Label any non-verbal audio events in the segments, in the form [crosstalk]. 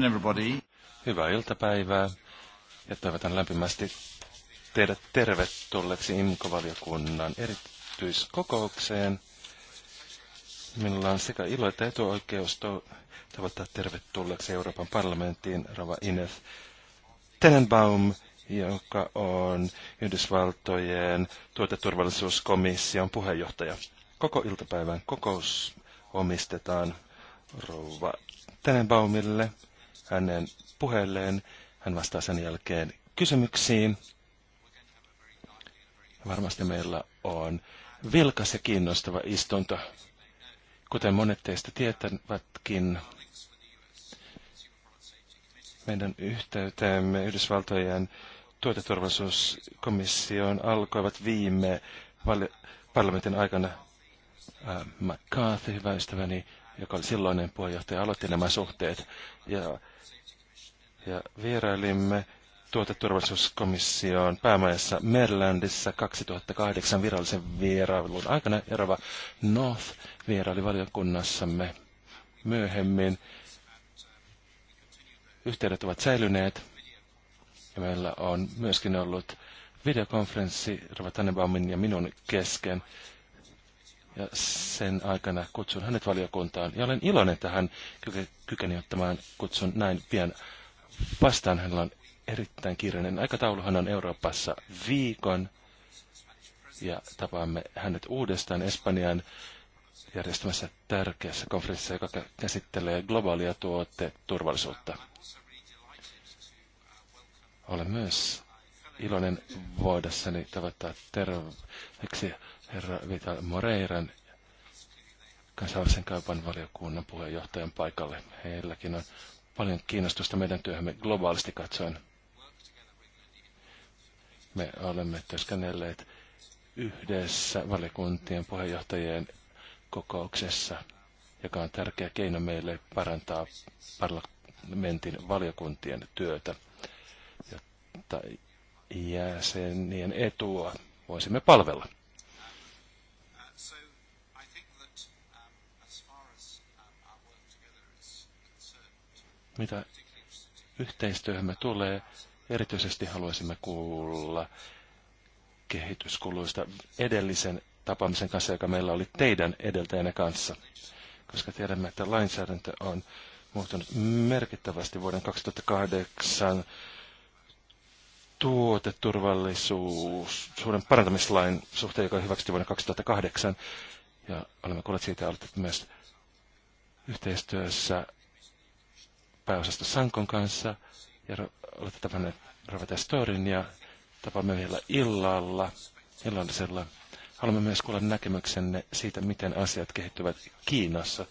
Everybody. Hyvää iltapäivää ja toivotan lämpimästi teidät tervetulleeksi IMKO-valiokunnan erityiskokoukseen. Minulla on sekä ilo että etuoikeus tavoittaa tervetulleeksi Euroopan parlamenttiin Rava Ines Tenenbaum, joka on Yhdysvaltojen tuoteturvallisuuskomission puheenjohtaja. Koko iltapäivän kokous omistetaan Rova Tenenbaumille – hänen puheelleen. Hän vastaa sen jälkeen kysymyksiin. Varmasti meillä on vilkas ja kiinnostava istunto. Kuten monet teistä tietävätkin, meidän yhteyteemme Yhdysvaltojen tuoteturvallisuuskomissioon alkoivat viime parlamentin aikana äh, McCarthy, hyvä ystäväni, joka oli silloinen puheenjohtaja, aloitti nämä suhteet. Ja ja vierailimme tuoteturvallisuuskomission päämajassa Marylandissa 2008 virallisen vierailun aikana. Erava North vieraili valiokunnassamme myöhemmin. Yhteydet ovat säilyneet ja meillä on myöskin ollut videokonferenssi Rova Tannebaumin ja minun kesken. Ja sen aikana kutsun hänet valiokuntaan. Ja olen iloinen, että hän kykeni ottamaan kutsun näin pian vastaan. Hänellä on erittäin kiireinen aikataulu. Hän on Euroopassa viikon ja tapaamme hänet uudestaan Espanjan järjestämässä tärkeässä konferenssissa, joka käsittelee globaalia tuoteturvallisuutta. Olen myös iloinen voidessani tavoittaa terveeksi herra Vital Moreiran kansainvälisen kaupan valiokunnan puheenjohtajan paikalle. Heilläkin on paljon kiinnostusta meidän työhömme globaalisti katsoen. Me olemme työskennelleet yhdessä valiokuntien puheenjohtajien kokouksessa, joka on tärkeä keino meille parantaa parlamentin valiokuntien työtä, jotta jäsenien etua voisimme palvella. Mitä yhteistyöhömme tulee, erityisesti haluaisimme kuulla kehityskuluista edellisen tapaamisen kanssa, joka meillä oli teidän edeltäjänä kanssa, koska tiedämme, että lainsäädäntö on muuttunut merkittävästi vuoden 2008 tuoteturvallisuuden parantamislain suhteen, joka hyväksyttiin vuonna 2008. Ja olemme kuulleet siitä, että myös yhteistyössä pääosasta Sankon kanssa ja olette tavanneet Ravata Storin ja tapaamme vielä illalla, illallisella. Haluamme myös kuulla näkemyksenne siitä, miten asiat kehittyvät Kiinassa,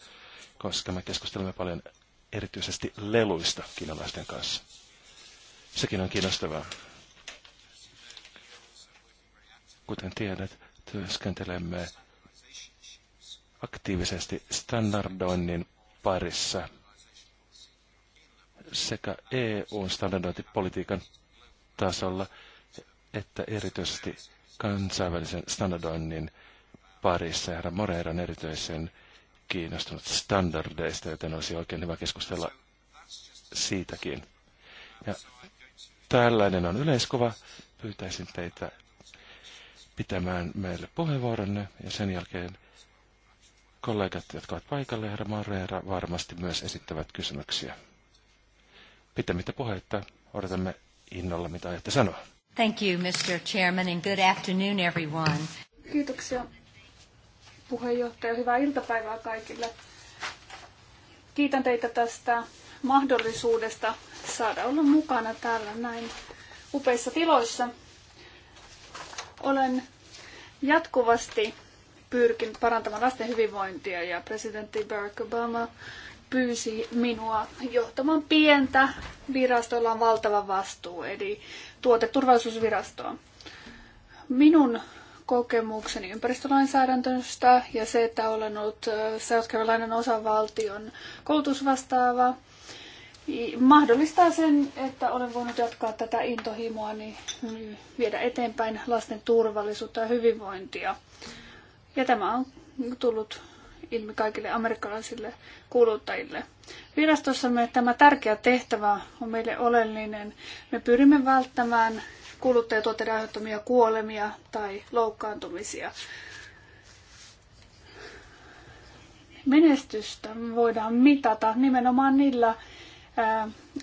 koska me keskustelemme paljon erityisesti leluista kiinalaisten kanssa. Sekin on kiinnostavaa. Kuten tiedät, työskentelemme aktiivisesti standardoinnin parissa – sekä EUn standardointipolitiikan tasolla että erityisesti kansainvälisen standardoinnin parissa. Herra Moreira on erityisen kiinnostunut standardeista, joten olisi oikein hyvä keskustella siitäkin. Ja tällainen on yleiskuva. Pyytäisin teitä pitämään meille puheenvuoronne ja sen jälkeen kollegat, jotka ovat paikalle, herra Moreira, varmasti myös esittävät kysymyksiä pitämättä puheita. odotamme innolla, mitä ajatte sanoa. Thank you, Mr. Chairman, and good afternoon, everyone. Kiitoksia, puheenjohtaja. Hyvää iltapäivää kaikille. Kiitän teitä tästä mahdollisuudesta saada olla mukana täällä näin upeissa tiloissa. Olen jatkuvasti pyrkin parantamaan lasten hyvinvointia ja presidentti Barack Obama pyysi minua johtamaan pientä virastolla on valtava vastuu, eli tuoteturvallisuusvirastoa. Minun kokemukseni ympäristölainsäädäntöstä ja se, että olen ollut äh, South Carolinan osavaltion koulutusvastaava, mahdollistaa sen, että olen voinut jatkaa tätä intohimoa, niin mm, viedä eteenpäin lasten turvallisuutta ja hyvinvointia. Ja tämä on tullut ilmi kaikille amerikkalaisille kuluttajille. Virastossamme tämä tärkeä tehtävä on meille oleellinen. Me pyrimme välttämään kuluttajatuotteiden aiheuttamia kuolemia tai loukkaantumisia. Menestystä voidaan mitata nimenomaan niillä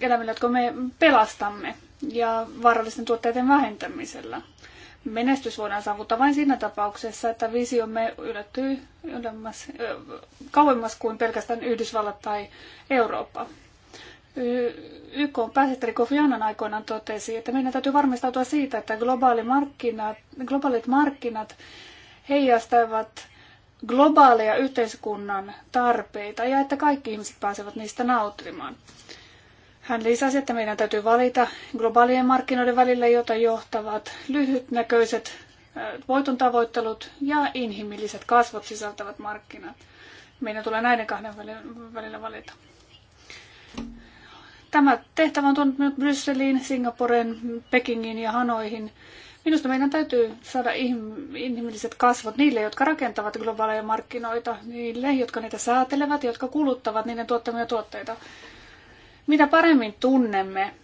elämillä, jotka me pelastamme ja vaarallisten tuotteiden vähentämisellä. Menestys voidaan saavuttaa vain siinä tapauksessa, että visiomme ylettyy ylemmäs, kauemmas kuin pelkästään Yhdysvallat tai Eurooppa. YK pääsihteeri Kofi Annan aikoinaan totesi, että meidän täytyy varmistautua siitä, että globaali markkinat, globaalit markkinat heijastavat globaaleja yhteiskunnan tarpeita ja että kaikki ihmiset pääsevät niistä nauttimaan. Hän lisäsi, että meidän täytyy valita globaalien markkinoiden välillä, jota johtavat lyhytnäköiset äh, voiton tavoittelut ja inhimilliset kasvot sisältävät markkinat. Meidän tulee näiden kahden välillä valita. Tämä tehtävä on tuonut minut Brysseliin, Singaporeen, Pekingin ja Hanoihin. Minusta meidän täytyy saada inhimilliset kasvot niille, jotka rakentavat globaaleja markkinoita, niille, jotka niitä säätelevät, jotka kuluttavat niiden tuottamia tuotteita. Mitä paremmin tunnemme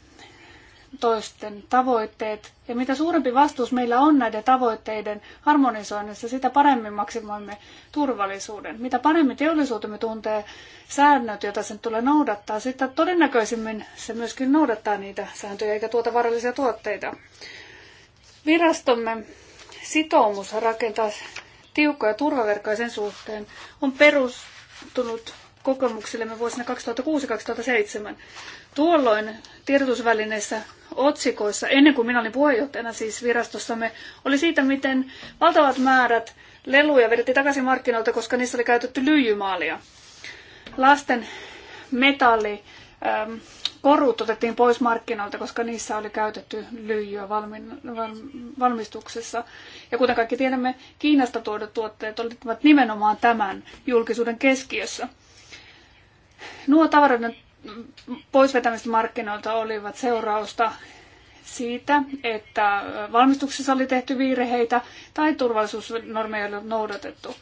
toisten tavoitteet ja mitä suurempi vastuus meillä on näiden tavoitteiden harmonisoinnissa, sitä paremmin maksimoimme turvallisuuden. Mitä paremmin teollisuutemme tuntee säännöt, joita sen tulee noudattaa, sitä todennäköisimmin se myöskin noudattaa niitä sääntöjä eikä tuota varallisia tuotteita. Virastomme sitoumus rakentaa tiukkoja turvaverkkoja sen suhteen on perustunut kokemuksillemme vuosina 2006-2007. Tuolloin tiedotusvälineissä otsikoissa, ennen kuin minä olin puheenjohtajana siis virastossamme, oli siitä, miten valtavat määrät leluja vedettiin takaisin markkinoilta, koska niissä oli käytetty lyijymaalia. Lasten metalli, ähm, korut otettiin pois markkinoilta, koska niissä oli käytetty lyijyä valmistuksessa. Ja kuten kaikki tiedämme, Kiinasta tuodut tuotteet olivat nimenomaan tämän julkisuuden keskiössä. Nuo tavaroiden poisvetämiset markkinoilta olivat seurausta siitä, että valmistuksessa oli tehty virheitä tai turvallisuusnormeja ei noudatettu.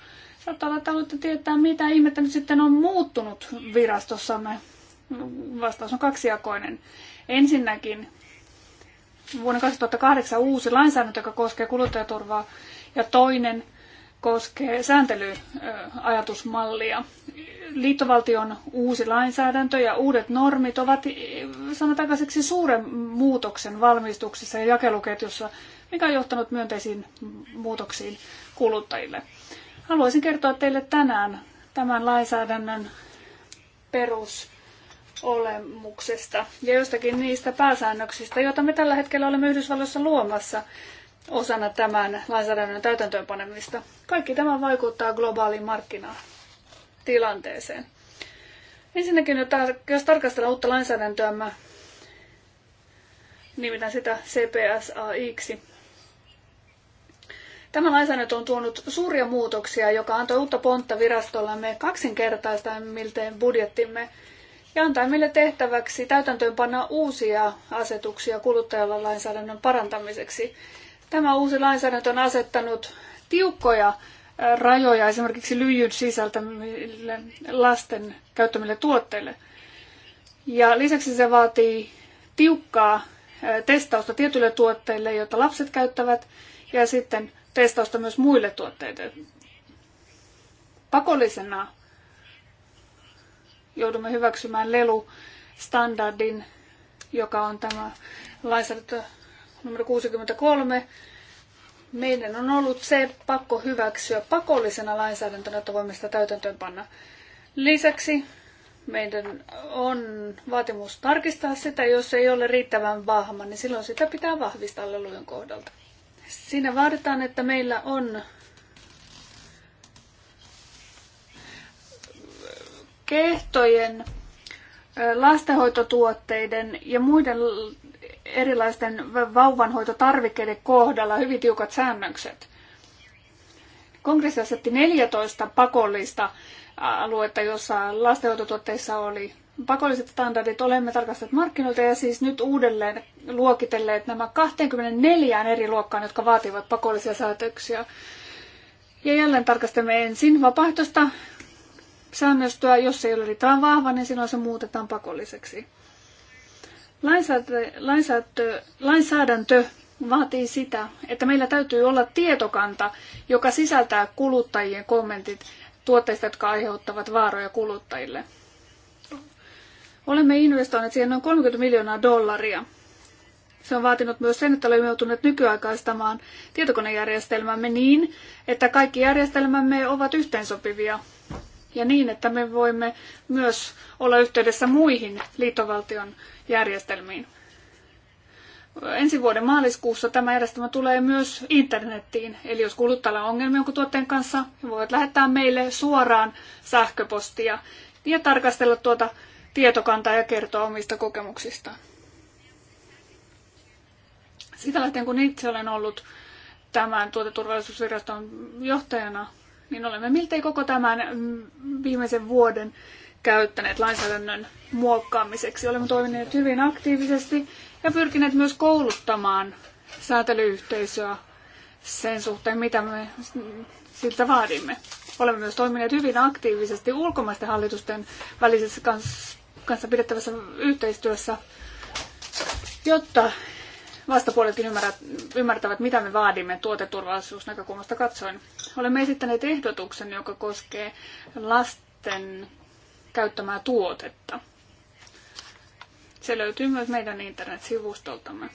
Saattaa olla, että haluatte tietää, mitä ihmettä nyt sitten on muuttunut virastossamme. Vastaus on kaksijakoinen. Ensinnäkin vuonna 2008 uusi lainsäädäntö, joka koskee kuluttajaturvaa, ja toinen koskee sääntelyajatusmallia. Liittovaltion uusi lainsäädäntö ja uudet normit ovat eh, sanotaankaisiksi suuren muutoksen valmistuksessa ja jakeluketjussa, mikä on johtanut myönteisiin muutoksiin kuluttajille. Haluaisin kertoa teille tänään tämän lainsäädännön perusolemuksesta ja jostakin niistä pääsäännöksistä, joita me tällä hetkellä olemme Yhdysvalloissa luomassa – osana tämän lainsäädännön täytäntöönpanemista. Kaikki tämä vaikuttaa globaaliin markkinatilanteeseen. Ensinnäkin, jos tarkastellaan uutta lainsäädäntöämme, nimitän sitä CPSAX. Tämä lainsäädäntö on tuonut suuria muutoksia, joka antoi uutta pontta virastollamme kaksinkertaista miltei budjettimme ja antaa meille tehtäväksi täytäntöönpanna uusia asetuksia kuluttajalla lainsäädännön parantamiseksi. Tämä uusi lainsäädäntö on asettanut tiukkoja rajoja esimerkiksi lyijyn sisältämille lasten käyttämille tuotteille. Ja lisäksi se vaatii tiukkaa testausta tietyille tuotteille, joita lapset käyttävät, ja sitten testausta myös muille tuotteille. Pakollisena joudumme hyväksymään lelustandardin, joka on tämä lainsäädäntö numero 63, meidän on ollut se pakko hyväksyä pakollisena lainsäädäntönä, että voimme sitä täytäntöönpanna. Lisäksi meidän on vaatimus tarkistaa sitä, jos ei ole riittävän vahva, niin silloin sitä pitää vahvistaa lelujen kohdalta. Siinä vaaditaan, että meillä on kehtojen, lastenhoitotuotteiden ja muiden erilaisten vauvanhoitotarvikkeiden kohdalla hyvin tiukat säännökset. Kongressi asetti 14 pakollista aluetta, jossa lastenhoitotuotteissa oli pakolliset standardit. Olemme tarkastaneet markkinoita ja siis nyt uudelleen luokitelleet nämä 24 eri luokkaan, jotka vaativat pakollisia säätöksiä. Ja jälleen tarkastamme ensin vapaaehtoista säännöstöä. Jos se ei ole riittävän vahva, niin silloin se muutetaan pakolliseksi. Lainsäädäntö, lainsäädäntö, lainsäädäntö vaatii sitä, että meillä täytyy olla tietokanta, joka sisältää kuluttajien kommentit tuotteista, jotka aiheuttavat vaaroja kuluttajille. Olemme investoineet siihen noin 30 miljoonaa dollaria. Se on vaatinut myös sen, että olemme joutuneet nykyaikaistamaan tietokonejärjestelmämme niin, että kaikki järjestelmämme ovat yhteensopivia ja niin, että me voimme myös olla yhteydessä muihin liittovaltion järjestelmiin. Ensi vuoden maaliskuussa tämä järjestelmä tulee myös internettiin, eli jos kuluttajalla on ongelmia jonkun tuotteen kanssa, he niin voivat lähettää meille suoraan sähköpostia ja tarkastella tuota tietokantaa ja kertoa omista kokemuksistaan. Sitä lähtien kun itse olen ollut tämän tuoteturvallisuusviraston johtajana, niin olemme miltei koko tämän mm, viimeisen vuoden käyttäneet lainsäädännön muokkaamiseksi. Olemme toimineet hyvin aktiivisesti ja pyrkineet myös kouluttamaan säätelyyhteisöä sen suhteen, mitä me siltä vaadimme. Olemme myös toimineet hyvin aktiivisesti ulkomaisten hallitusten välisessä kanssa pidettävässä yhteistyössä, jotta vastapuoletkin ymmärtävät, mitä me vaadimme tuoteturvallisuusnäkökulmasta katsoen. Olemme esittäneet ehdotuksen, joka koskee lasten käyttämää tuotetta. Se löytyy myös meidän internetsivustoltamme.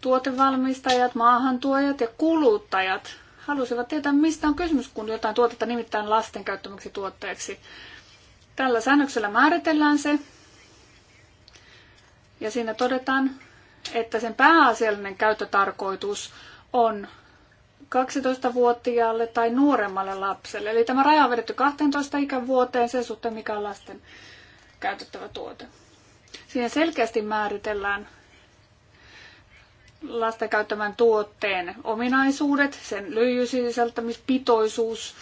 Tuotevalmistajat, maahantuojat ja kuluttajat halusivat tietää, mistä on kysymys, kun jotain tuotetta nimittäin lasten käyttämäksi tuotteeksi. Tällä säännöksellä määritellään se, ja siinä todetaan, että sen pääasiallinen käyttötarkoitus on 12-vuotiaalle tai nuoremmalle lapselle. Eli tämä raja on vedetty 12 ikävuoteen sen suhteen, mikä on lasten käytettävä tuote. Siihen selkeästi määritellään lasten käyttämän tuotteen ominaisuudet, sen lyijysisältämispitoisuus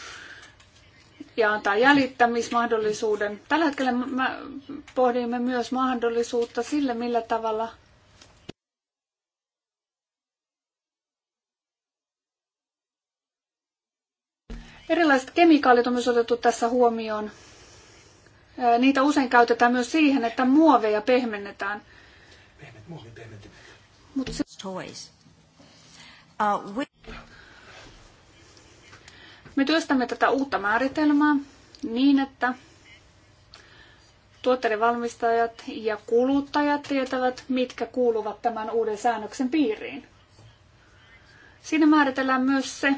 ja antaa jäljittämismahdollisuuden. Tällä hetkellä pohdimme myös mahdollisuutta sille, millä tavalla Erilaiset kemikaalit on myös otettu tässä huomioon. Niitä usein käytetään myös siihen, että muoveja pehmennetään. Pehmet, muovi Mutta se... Uh, Me työstämme tätä uutta määritelmää niin, että tuotteiden valmistajat ja kuluttajat tietävät, mitkä kuuluvat tämän uuden säännöksen piiriin. Siinä määritellään myös se,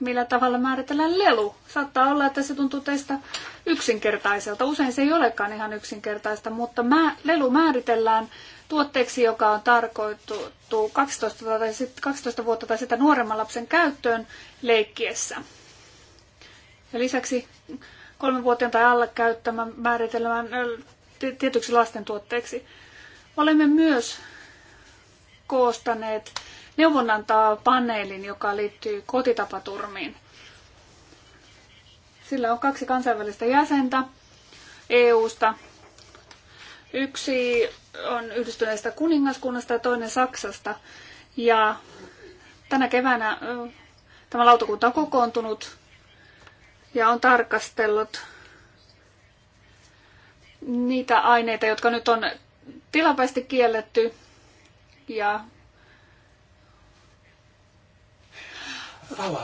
millä tavalla määritellään lelu. Saattaa olla, että se tuntuu teistä yksinkertaiselta. Usein se ei olekaan ihan yksinkertaista, mutta mä, lelu määritellään tuotteeksi, joka on tarkoitettu 12, tai 12 vuotta tai sitä nuoremman lapsen käyttöön leikkiessä. Ja lisäksi kolmen kolmenvuotiaan tai alle käyttämään määritelmän tietyksi lasten tuotteeksi. Olemme myös koostaneet neuvonantaa paneelin, joka liittyy kotitapaturmiin. Sillä on kaksi kansainvälistä jäsentä EUsta. Yksi on yhdistyneestä kuningaskunnasta ja toinen Saksasta. Ja tänä keväänä tämä lautakunta on kokoontunut ja on tarkastellut niitä aineita, jotka nyt on tilapäisesti kielletty ja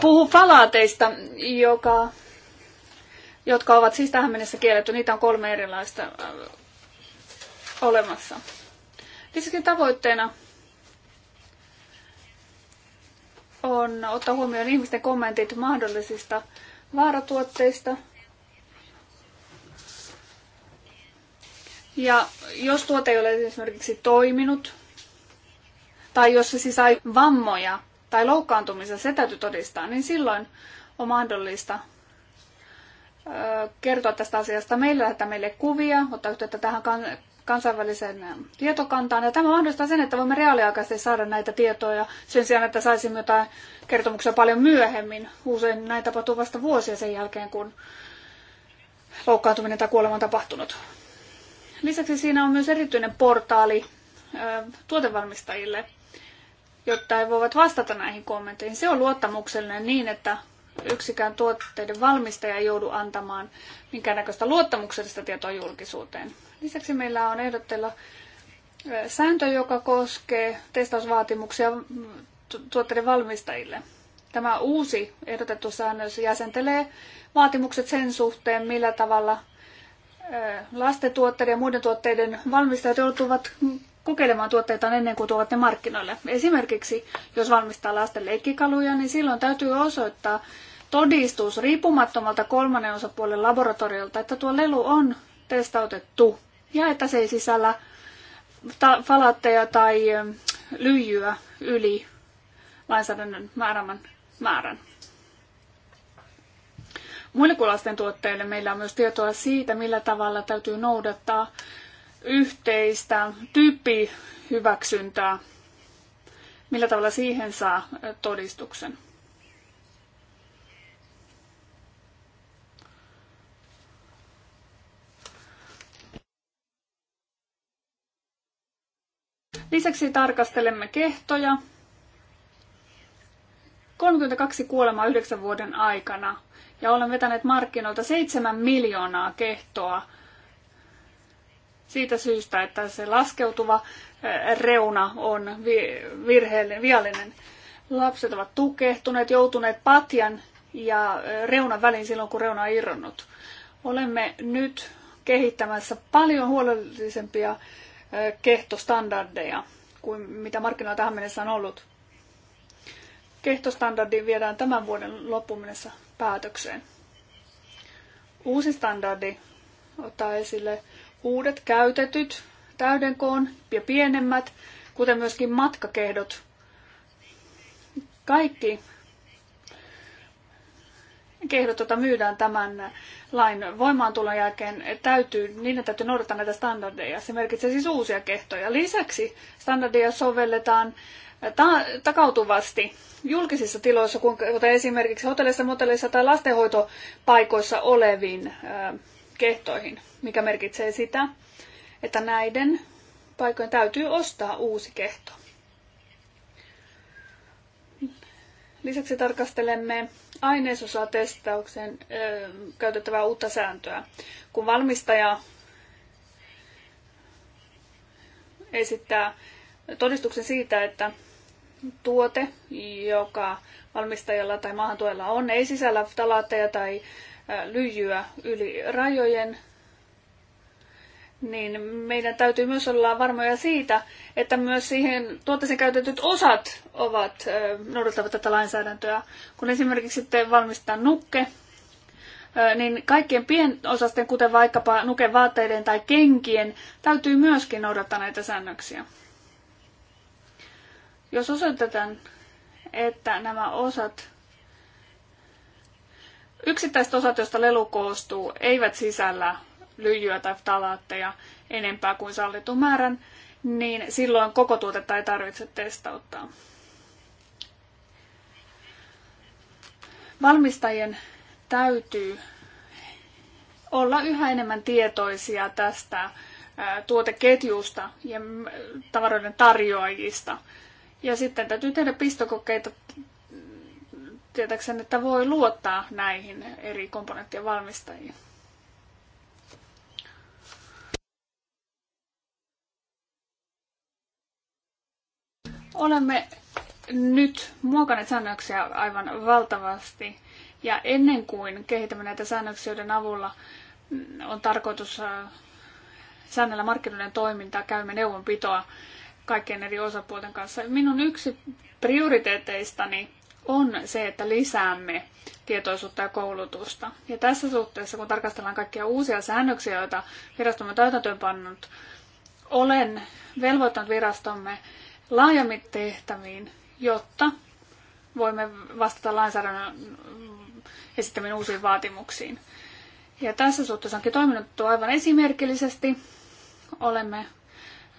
Puhu falaateista, joka, jotka ovat siis tähän mennessä kielletty. Niitä on kolme erilaista äh, olemassa. Lisäksi tavoitteena on ottaa huomioon ihmisten kommentit mahdollisista vaaratuotteista. Ja jos tuote ei ole esimerkiksi toiminut, tai jos se siis sai vammoja, tai loukkaantumisen, se täytyy todistaa, niin silloin on mahdollista kertoa tästä asiasta meille, lähettää meille kuvia, ottaa yhteyttä tähän kansainväliseen tietokantaan. Ja tämä mahdollistaa sen, että voimme reaaliaikaisesti saada näitä tietoja sen sijaan, että saisimme jotain kertomuksia paljon myöhemmin. Usein näin tapahtuu vasta vuosia sen jälkeen, kun loukkaantuminen tai kuolema on tapahtunut. Lisäksi siinä on myös erityinen portaali tuotevalmistajille – jotta he voivat vastata näihin kommentteihin. Se on luottamuksellinen niin, että yksikään tuotteiden valmistaja ei joudu antamaan minkäännäköistä luottamuksellista tietoa julkisuuteen. Lisäksi meillä on ehdotteilla sääntö, joka koskee testausvaatimuksia tuotteiden valmistajille. Tämä uusi ehdotettu säännös jäsentelee vaatimukset sen suhteen, millä tavalla lastetuotteiden ja muiden tuotteiden valmistajat joutuvat kokeilemaan tuotteitaan ennen kuin tuovat ne markkinoille. Esimerkiksi jos valmistaa lasten leikkikaluja, niin silloin täytyy osoittaa todistus riippumattomalta kolmannen osapuolen laboratoriolta, että tuo lelu on testautettu ja että se ei sisällä falatteja tai ähm, lyijyä yli lainsäädännön määrämän määrän. Muille kuin lasten tuotteille meillä on myös tietoa siitä, millä tavalla täytyy noudattaa yhteistä tyyppihyväksyntää, millä tavalla siihen saa todistuksen. Lisäksi tarkastelemme kehtoja. 32 kuolemaa yhdeksän vuoden aikana ja olen vetänyt markkinoilta 7 miljoonaa kehtoa siitä syystä, että se laskeutuva reuna on virheellinen, viallinen. Lapset ovat tukehtuneet, joutuneet patjan ja reunan väliin silloin, kun reuna on irronnut. Olemme nyt kehittämässä paljon huolellisempia kehtostandardeja kuin mitä markkinoilla tähän mennessä on ollut. Kehtostandardi viedään tämän vuoden loppuun mennessä päätökseen. Uusi standardi ottaa esille uudet käytetyt täydenkoon ja pienemmät, kuten myöskin matkakehdot. Kaikki kehdot, joita myydään tämän lain voimaantulon jälkeen, täytyy, niin täytyy noudattaa näitä standardeja. Se merkitsee siis uusia kehtoja. Lisäksi standardeja sovelletaan ta- takautuvasti julkisissa tiloissa, kuten esimerkiksi hotelleissa, motelleissa tai lastenhoitopaikoissa oleviin kehtoihin, mikä merkitsee sitä, että näiden paikojen täytyy ostaa uusi kehto. Lisäksi tarkastelemme ainesosatestauksen ö, käytettävää uutta sääntöä. Kun valmistaja esittää todistuksen siitä, että tuote, joka valmistajalla tai maahantuojalla on, ei sisällä talaatteja tai lyijyä yli rajojen, niin meidän täytyy myös olla varmoja siitä, että myös siihen tuotteeseen käytetyt osat ovat, noudattavat tätä lainsäädäntöä. Kun esimerkiksi sitten valmistetaan nukke, niin kaikkien pienosasten, kuten vaikkapa nuken vaatteiden tai kenkien, täytyy myöskin noudattaa näitä säännöksiä. Jos osoitetaan, että nämä osat Yksittäiset osat, joista lelu koostuu, eivät sisällä lyijyä tai talaatteja enempää kuin sallitun määrän, niin silloin koko tuotetta ei tarvitse testauttaa. Valmistajien täytyy olla yhä enemmän tietoisia tästä tuoteketjusta ja tavaroiden tarjoajista. Ja sitten täytyy tehdä pistokokeita tietääkseni, että voi luottaa näihin eri komponenttien valmistajiin. Olemme nyt muokanneet säännöksiä aivan valtavasti ja ennen kuin kehitämme näitä säännöksiä, joiden avulla on tarkoitus säännellä markkinoiden toimintaa, käymme neuvonpitoa kaikkien eri osapuolten kanssa. Minun yksi prioriteeteistani on se, että lisäämme tietoisuutta ja koulutusta. Ja tässä suhteessa, kun tarkastellaan kaikkia uusia säännöksiä, joita virastomme täytäntöön pannut, olen velvoittanut virastomme laajemmin tehtäviin, jotta voimme vastata lainsäädännön esittämiin uusiin vaatimuksiin. Ja tässä suhteessa onkin toiminut aivan esimerkillisesti. Olemme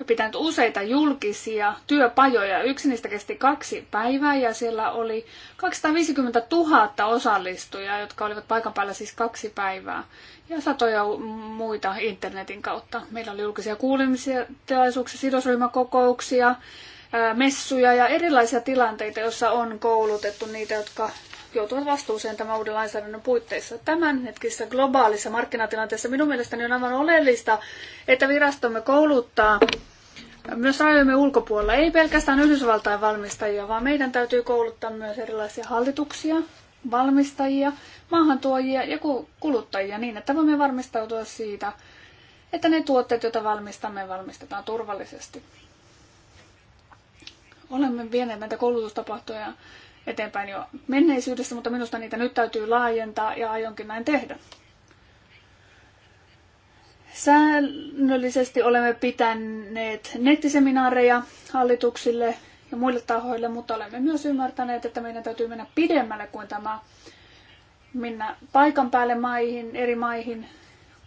pitänyt useita julkisia työpajoja. Yksi niistä kesti kaksi päivää ja siellä oli 250 000 osallistujaa, jotka olivat paikan päällä siis kaksi päivää. Ja satoja muita internetin kautta. Meillä oli julkisia kuulemisia, tilaisuuksia, sidosryhmäkokouksia, messuja ja erilaisia tilanteita, joissa on koulutettu niitä, jotka joutuvat vastuuseen tämän uuden lainsäädännön puitteissa. hetkessä globaalissa markkinatilanteessa minun mielestäni on aivan oleellista, että virastomme kouluttaa myös rajojemme ulkopuolella, ei pelkästään Yhdysvaltain valmistajia, vaan meidän täytyy kouluttaa myös erilaisia hallituksia, valmistajia, maahantuojia ja kuluttajia niin, että voimme varmistautua siitä, että ne tuotteet, joita valmistamme, valmistetaan turvallisesti. Olemme vieneet näitä koulutustapahtuja eteenpäin jo menneisyydestä, mutta minusta niitä nyt täytyy laajentaa ja aionkin näin tehdä. Säännöllisesti olemme pitäneet nettiseminaareja hallituksille ja muille tahoille, mutta olemme myös ymmärtäneet, että meidän täytyy mennä pidemmälle kuin tämä mennä paikan päälle maihin, eri maihin,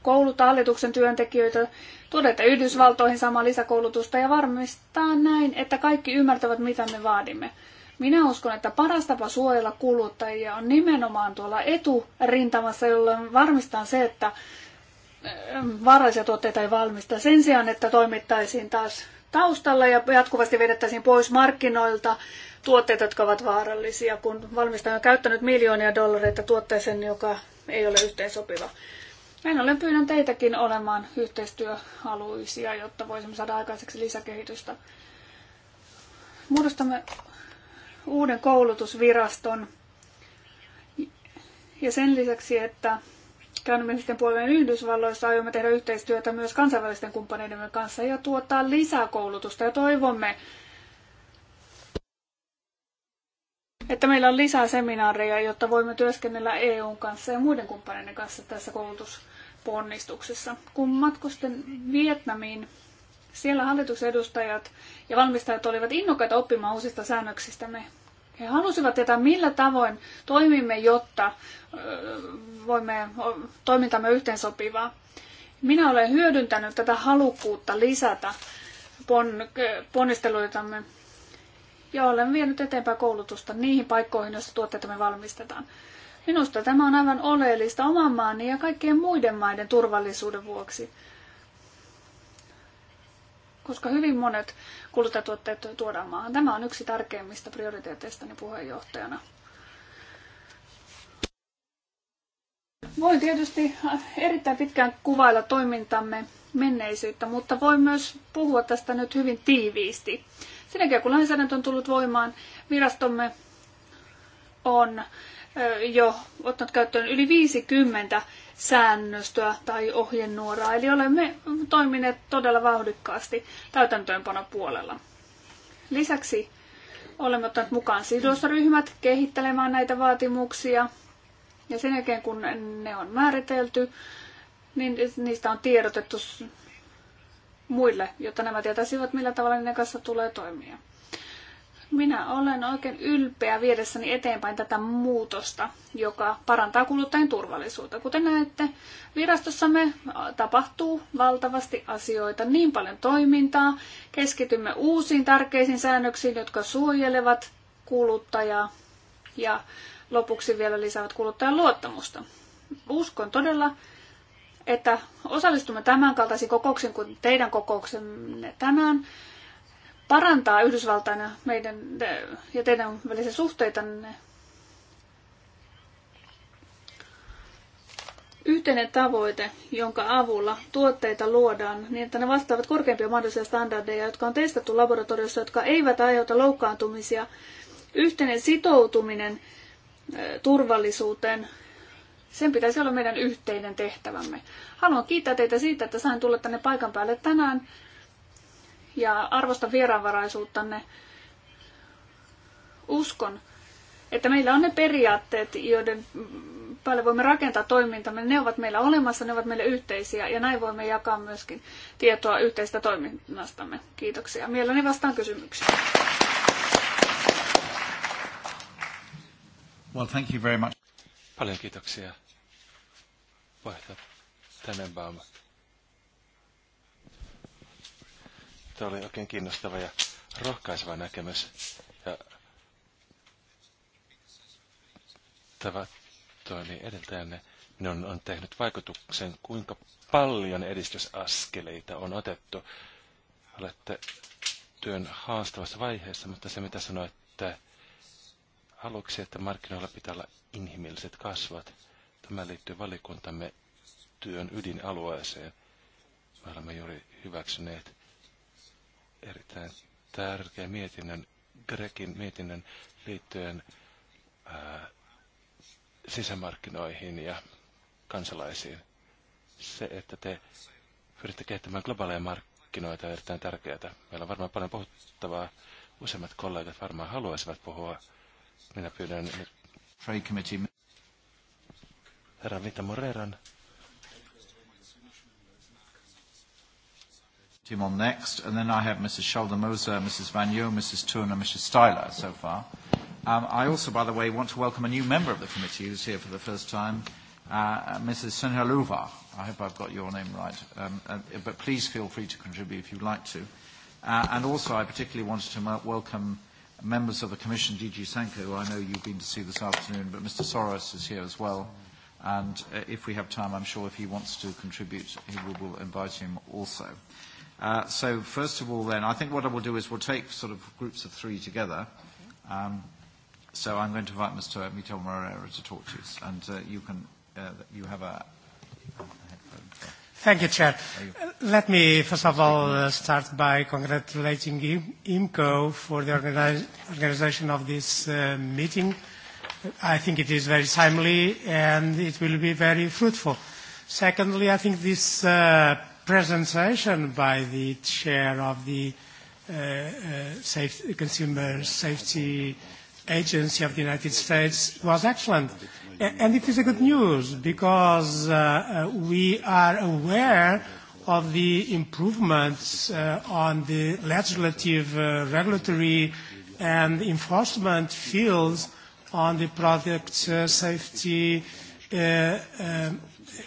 kouluttaa hallituksen työntekijöitä, todeta Yhdysvaltoihin samaa lisäkoulutusta ja varmistaa näin, että kaikki ymmärtävät, mitä me vaadimme. Minä uskon, että paras tapa suojella kuluttajia on nimenomaan tuolla eturintamassa, jolloin varmistaa se, että äh, vaarallisia tuotteita ei valmista. Sen sijaan, että toimittaisiin taas taustalla ja jatkuvasti vedettäisiin pois markkinoilta tuotteita, jotka ovat vaarallisia, kun valmistaja on käyttänyt miljoonia dollareita tuotteeseen, joka ei ole yhteensopiva. Näin ollen pyydän teitäkin olemaan yhteistyöhaluisia, jotta voisimme saada aikaiseksi lisäkehitystä. Muodostamme uuden koulutusviraston. Ja sen lisäksi, että käännymme puolueen Yhdysvalloissa, aiomme tehdä yhteistyötä myös kansainvälisten kumppaneidemme kanssa ja tuottaa lisää koulutusta. Ja toivomme, että meillä on lisää seminaareja, jotta voimme työskennellä EUn kanssa ja muiden kumppaneiden kanssa tässä koulutusponnistuksessa. Kun matkusten Vietnamiin, siellä hallitusedustajat ja valmistajat olivat innokkaita oppimaan uusista säännöksistämme. He halusivat tietää, millä tavoin toimimme, jotta voimme toimintamme yhteensopivaa. Minä olen hyödyntänyt tätä halukkuutta lisätä ponnisteluitamme ja olen vienyt eteenpäin koulutusta niihin paikkoihin, joissa tuotteitamme valmistetaan. Minusta tämä on aivan oleellista oman maani ja kaikkien muiden maiden turvallisuuden vuoksi koska hyvin monet kuluttajatuotteet tuodaan maahan. Tämä on yksi tärkeimmistä prioriteeteistani puheenjohtajana. Voin tietysti erittäin pitkään kuvailla toimintamme menneisyyttä, mutta voin myös puhua tästä nyt hyvin tiiviisti. Sen jälkeen kun lainsäädäntö on tullut voimaan, virastomme on jo ottanut käyttöön yli 50 säännöstöä tai ohjenuoraa. Eli olemme toimineet todella vauhdikkaasti täytäntöönpano puolella. Lisäksi olemme ottaneet mukaan sidosryhmät kehittelemään näitä vaatimuksia. Ja sen jälkeen kun ne on määritelty, niin niistä on tiedotettu muille, jotta nämä tietäisivät, millä tavalla ne kanssa tulee toimia. Minä olen oikein ylpeä viedessäni eteenpäin tätä muutosta, joka parantaa kuluttajien turvallisuutta. Kuten näette, virastossamme tapahtuu valtavasti asioita, niin paljon toimintaa. Keskitymme uusiin tärkeisiin säännöksiin, jotka suojelevat kuluttajaa ja lopuksi vielä lisäävät kuluttajan luottamusta. Uskon todella, että osallistumme tämän kaltaisiin kokouksiin kuin teidän kokouksenne tänään, parantaa Yhdysvaltain ja, meidän, ja teidän välisiä suhteitanne. Yhteinen tavoite, jonka avulla tuotteita luodaan niin, että ne vastaavat korkeimpia mahdollisia standardeja, jotka on testattu laboratoriossa, jotka eivät aiheuta loukkaantumisia. Yhteinen sitoutuminen turvallisuuteen, sen pitäisi olla meidän yhteinen tehtävämme. Haluan kiittää teitä siitä, että sain tulla tänne paikan päälle tänään ja arvostan vieraanvaraisuuttanne. Uskon, että meillä on ne periaatteet, joiden päälle voimme rakentaa toimintamme. Ne ovat meillä olemassa, ne ovat meille yhteisiä ja näin voimme jakaa myöskin tietoa yhteistä toiminnastamme. Kiitoksia. Mielelläni vastaan kysymyksiin. Well, thank you very much. Paljon kiitoksia. Puheenjohtaja Tenenbaum. Tämä oli oikein kiinnostava ja rohkaiseva näkemys. Ja toimi edeltäjänne ne on, on tehnyt vaikutuksen, kuinka paljon edistysaskeleita on otettu. Olette työn haastavassa vaiheessa, mutta se mitä sanoit, että aluksi, että markkinoilla pitää olla inhimilliset kasvat, tämä liittyy valikuntamme työn ydinalueeseen. Me olemme juuri hyväksyneet erittäin tärkeä mietinnön, Grekin mietinnön liittyen ää, sisämarkkinoihin ja kansalaisiin. Se, että te pyritte kehittämään globaaleja markkinoita on erittäin tärkeää. Meillä on varmaan paljon puhuttavaa. Useimmat kollegat varmaan haluaisivat puhua. Minä pyydän nyt Trade Committee. herra Vita Moreran Timon next, and then I have Mrs. Scholder-Moser, Mrs. Vanier, Mrs. Toon, and Mrs. Styler so far. Um, I also, by the way, want to welcome a new member of the committee who's here for the first time, uh, Mrs. Senhaluva. I hope I've got your name right, um, uh, but please feel free to contribute if you'd like to. Uh, and also, I particularly wanted to welcome members of the Commission, DG Senko, who I know you've been to see this afternoon, but Mr. Soros is here as well. And uh, if we have time, I'm sure if he wants to contribute, he will, will invite him also. Uh, so first of all then, I think what I will do is we'll take sort of groups of three together. Okay. Um, so I'm going to invite Mr. Miguel Moreira to talk to us, and uh, you can, uh, you have a, headphone. Thank you, Chair. There you go. Let me, first of all, start by congratulating IMCO for the organization of this meeting. I think it is very timely, and it will be very fruitful. Secondly, I think this presentation by the chair of the uh, uh, Consumer Safety Agency of the United States was excellent. And it is a good news because uh, we are aware of the improvements on the legislative, regulatory, and enforcement fields on the product safety um,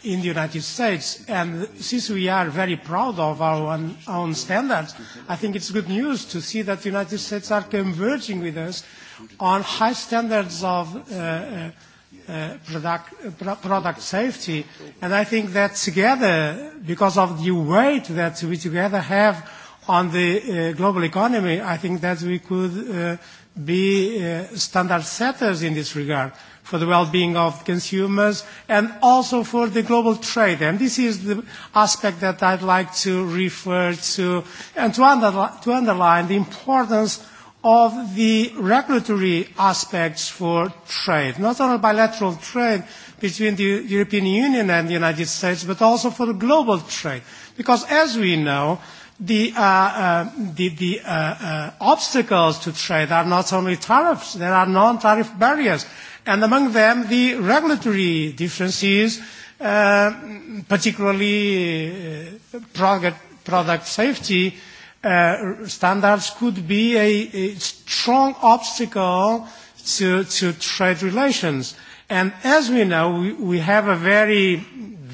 in the United States. And since we are very proud of our own, own standards, I think it's good news to see that the United States are converging with us on high standards of uh, uh, uh product, uh, product safety. And I think that together, because of the weight that we together have on the uh, global economy, I think that we could uh, be uh, standard setters in this regard for the well-being of consumers, and also for the global trade. And this is the aspect that I'd like to refer to and to, under, to underline the importance of the regulatory aspects for trade, not only bilateral trade between the European Union and the United States, but also for the global trade. Because as we know, the, uh, uh, the, the uh, uh, obstacles to trade are not only tariffs, there are non-tariff barriers and among them the regulatory differences, uh, particularly uh, product, product safety uh, standards could be a, a strong obstacle to, to trade relations. And as we know, we, we have a very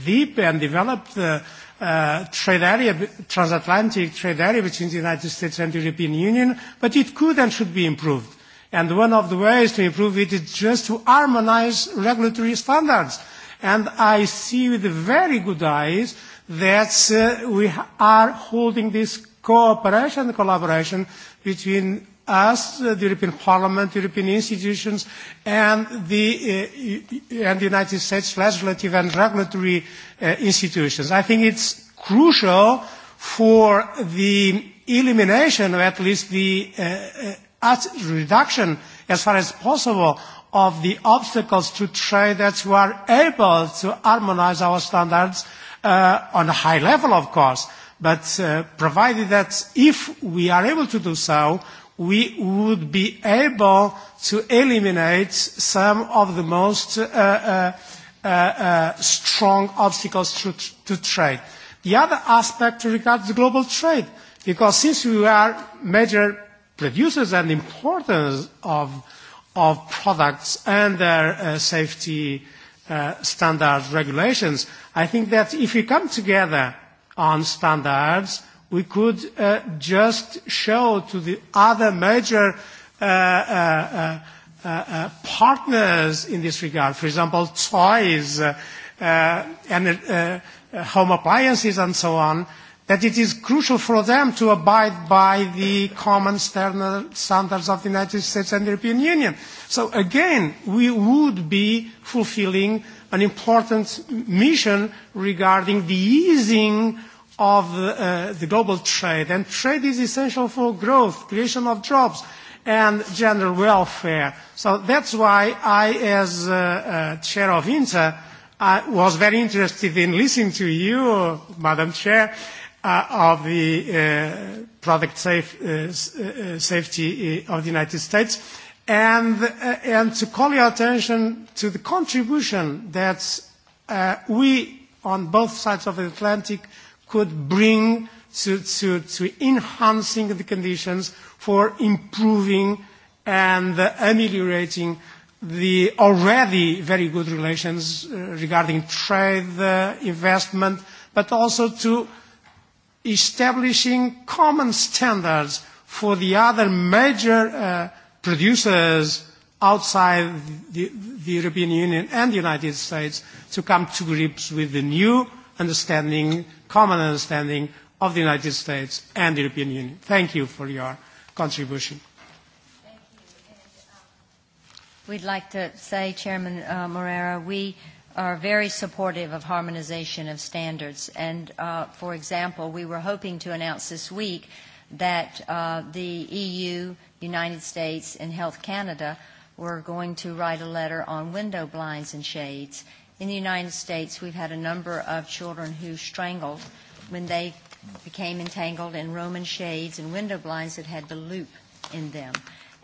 deep and developed uh, uh, trade area, transatlantic trade area between the United States and the European Union, but it could and should be improved. And one of the ways to improve it is just to harmonize regulatory standards. And I see with very good eyes that uh, we are holding this cooperation and collaboration between us, uh, the European Parliament, European institutions, and the, uh, and the United States legislative and regulatory uh, institutions. I think it's crucial for the elimination, or at least the uh, uh as reduction as far as possible of the obstacles to trade that we are able to harmonize our standards uh, on a high level, of course. But uh, provided that if we are able to do so, we would be able to eliminate some of the most uh, uh, uh, uh, strong obstacles to, to trade. The other aspect regards global trade, because since we are major producers and importance of, of products and their uh, safety uh, standards regulations. I think that if we come together on standards, we could uh, just show to the other major uh, uh, uh, uh, partners in this regard, for example, toys uh, uh, and uh, home appliances and so on, that it is crucial for them to abide by the common standards of the United States and the European Union. So again, we would be fulfilling an important mission regarding the easing of uh, the global trade. And trade is essential for growth, creation of jobs, and general welfare. So that's why I, as uh, uh, chair of INTA, I was very interested in listening to you, Madam Chair, Uh, of the uh, product safe, uh, safety of the United States. And, and to call your attention to the contribution that we on both sides of the Atlantic could bring to, to, to enhancing the conditions for improving and ameliorating the already very good relations regarding trade, uh, investment, but also to establishing common standards for the other major uh, producers outside the, the European Union and the United States to come to grips with the new understanding, common understanding of the United States and the European Union. Thank you for your contribution. Um, we'd like to say, Chairman uh, Morera, we are very supportive of harmonization of standards. And, uh, for example, we were hoping to announce this week that uh, the EU, United States, and Health Canada were going to write a letter on window blinds and shades. In the United States, we've had a number of children who strangled when they became entangled in Roman shades and window blinds that had the loop in them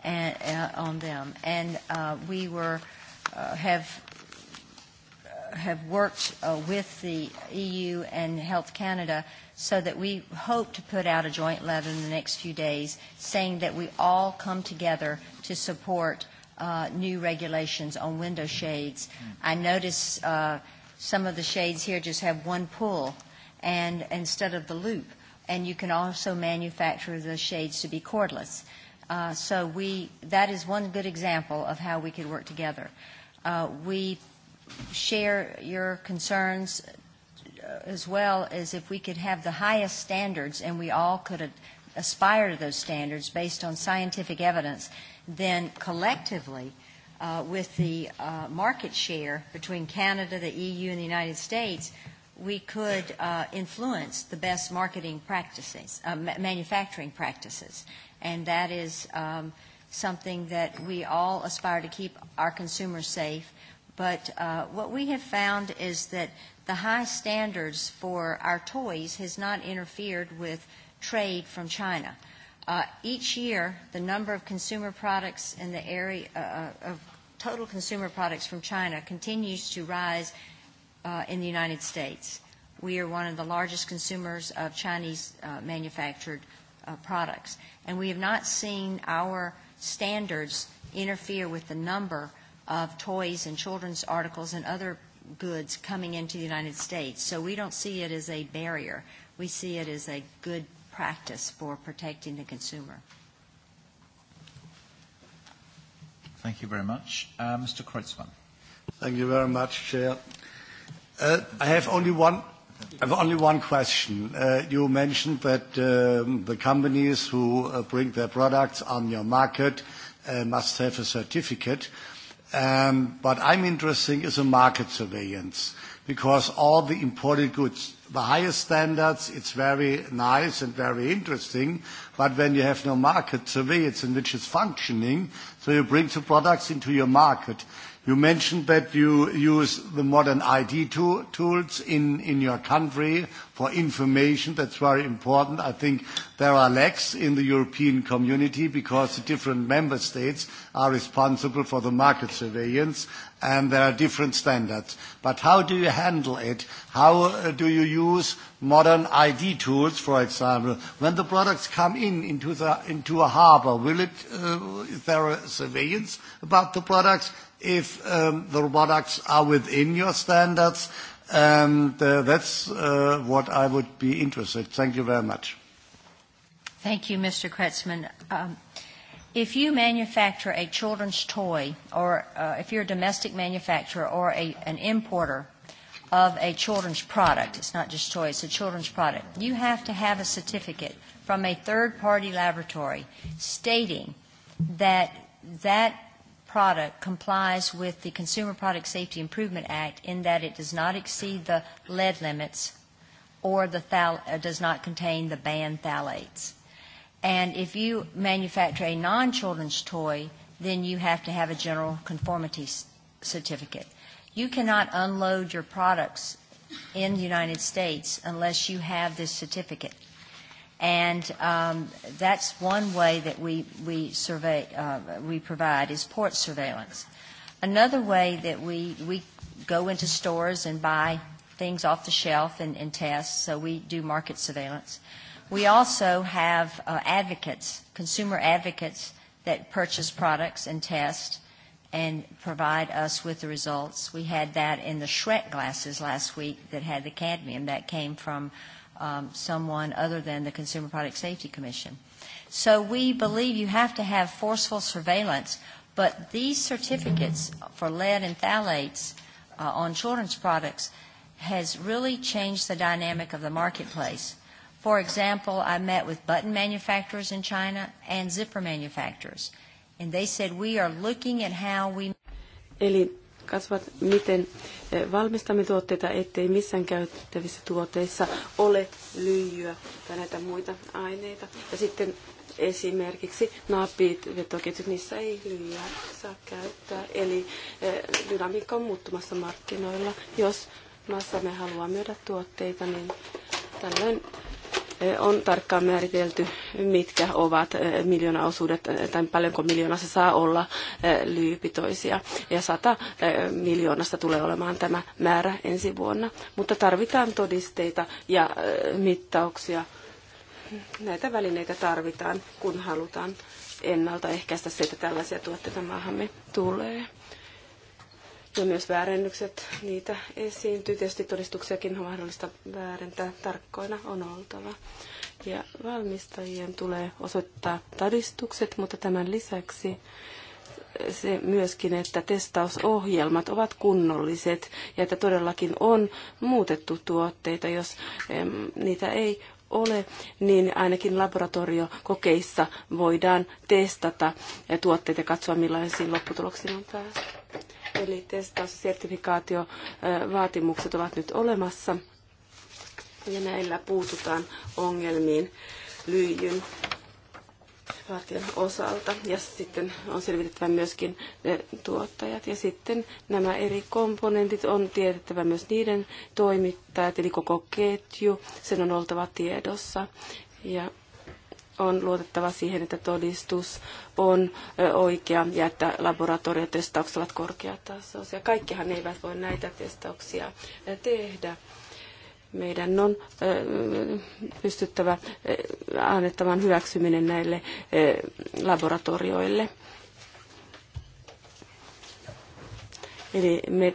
and uh, on them. And uh, we were uh, have have worked uh, with the EU and Health Canada so that we hope to put out a joint letter in the next few days saying that we all come together to support uh, new regulations on window shades. Mm-hmm. I notice uh, some of the shades here just have one pull and instead of the loop, and you can also manufacture the shades to be cordless. Uh, so we, that is one good example of how we could work together. Uh, we share your concerns uh, as well as if we could have the highest standards and we all could aspire to those standards based on scientific evidence, then collectively uh, with the uh, market share between Canada, the EU, and the United States, we could uh, influence the best marketing practices, uh, ma- manufacturing practices. And that is um, something that we all aspire to keep our consumers safe But uh, what we have found is that the high standards for our toys has not interfered with trade from China. Uh, each year, the number of consumer products in the area uh, of total consumer products from China continues to rise uh, in the United States. We are one of the largest consumers of Chinese uh, manufactured uh, products, and we have not seen our standards interfere with the number of toys and children's articles and other goods coming into the United States. So we don't see it as a barrier. We see it as a good practice for protecting the consumer. Thank you very much. Uh, Mr. Kreutzmann. Thank you very much, Chair. Uh, I have only one I have only one question. Uh, you mentioned that um, the companies who uh, bring their products on your market uh, must have a certificate what um, I'm interested in is a market surveillance because all the imported goods, the highest standards, it's very nice and very interesting, but when you have no market surveillance in which it's functioning, so you bring the products into your market, You mentioned that you use the modern IT tools in, in your country for information. That's very important. I think there are lacks in the European community because the different member states are responsible for the market surveillance and there are different standards. But how do you handle it? How uh, do you use modern ID tools, for example? When the products come in into, the, into a harbor, will it, uh, is there a surveillance about the products? if um, the robotics are within your standards, and um, that's uh, what I would be interested. Thank you very much. Thank you, Mr. Kretzmann. Um, if you manufacture a children's toy, or uh, if you're a domestic manufacturer or an importer of a children's product, it's not just toy, it's a children's product, you have to have a certificate from a third-party laboratory stating that that product complies with the Consumer Product Safety Improvement Act in that it does not exceed the lead limits or the uh, does not contain the banned phthalates. And if you manufacture a non-children's toy, then you have to have a general conformity certificate. You cannot unload your products in the United States unless you have this certificate. And um, that's one way that we, we, survey, uh, we provide is port surveillance. Another way that we, we go into stores and buy things off the shelf and, and test, so we do market surveillance. We also have uh, advocates, consumer advocates, that purchase products and test and provide us with the results. We had that in the Shrek glasses last week that had the cadmium. That came from uh, um, someone other than the Consumer Product Safety Commission. So we believe you have to have forceful surveillance, but these certificates for lead and phthalates uh, on children's products has really changed the dynamic of the marketplace. For example, I met with button manufacturers in China and zipper manufacturers, and they said we are looking at how we Eli kasvat miten eh, valmistamme tuotteita, ettei missään käytettävissä tuotteissa ole lyijyä tai näitä muita aineita. Ja sitten esimerkiksi napit, vetoketjut, niissä ei lyijyä saa käyttää. Eli eh, dynamiikka on muuttumassa markkinoilla. Jos maassamme haluaa myydä tuotteita, niin tällöin on tarkkaan määritelty, mitkä ovat eh, miljoonaosuudet eh, tai paljonko miljoonassa saa olla eh, lyypitoisia. Ja sata miljoonasta tulee olemaan tämä määrä ensi vuonna. Mutta tarvitaan todisteita ja mittauksia. Näitä välineitä tarvitaan, kun halutaan ennaltaehkäistä se, että tällaisia tuotteita maahamme tulee ja myös väärennykset, niitä esiintyy. Tietysti todistuksiakin on mahdollista väärentää, tarkkoina on oltava. Ja valmistajien tulee osoittaa todistukset, mutta tämän lisäksi se myöskin, että testausohjelmat ovat kunnolliset ja että todellakin on muutettu tuotteita, jos niitä ei ole, niin ainakin laboratoriokokeissa voidaan testata tuotteita ja katsoa, millaisiin lopputuloksiin on päässyt. Eli testaus- ja sertifikaatiovaatimukset ovat nyt olemassa. Ja näillä puututaan ongelmiin lyijyn vaatien osalta. Ja sitten on selvitettävä myöskin tuottajat. Ja sitten nämä eri komponentit on tiedettävä myös niiden toimittajat, eli koko ketju, sen on oltava tiedossa. Ja on luotettava siihen, että todistus on oikea ja että laboratoriotestaukset ovat korkeatasoisia. Kaikkihan eivät voi näitä testauksia tehdä. Meidän on pystyttävä annettamaan hyväksyminen näille laboratorioille. Eli me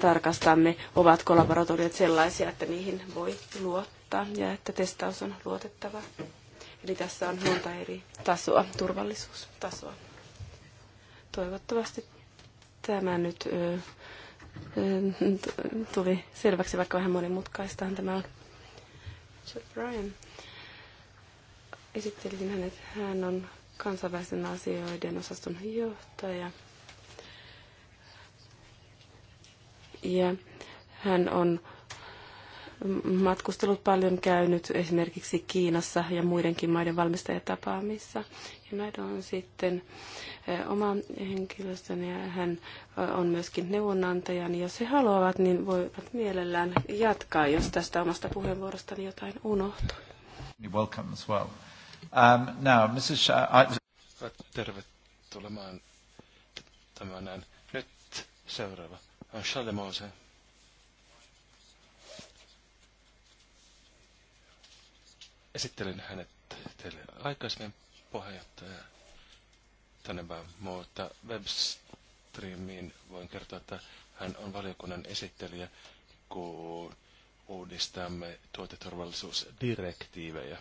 tarkastamme, ovatko laboratoriot sellaisia, että niihin voi luottaa ja että testaus on luotettava. Eli tässä on monta eri tasoa, turvallisuustasoa. Toivottavasti tämä nyt ö, ö, tuli selväksi, vaikka vähän monimutkaistaan tämä on. Chad Bryan. Esittelin hänet. Hän on kansainvälisten asioiden osaston johtaja. Ja hän on matkustellut paljon käynyt esimerkiksi Kiinassa ja muidenkin maiden valmistajatapaamissa. Ja näitä on sitten eh, oma henkilöstön ja hän eh, on myöskin neuvonantaja, niin jos he haluavat, niin voivat mielellään jatkaa, jos tästä omasta puheenvuorostani jotain unohtuu. Welcome as well. Um, now, Mrs. I... Tervetuloa tämän. Nyt seuraava on Charles esittelin hänet teille aikaisemmin puheenjohtaja Taneva, mutta webstreamiin voin kertoa, että hän on valiokunnan esittelijä, kun uudistamme tuoteturvallisuusdirektiivejä.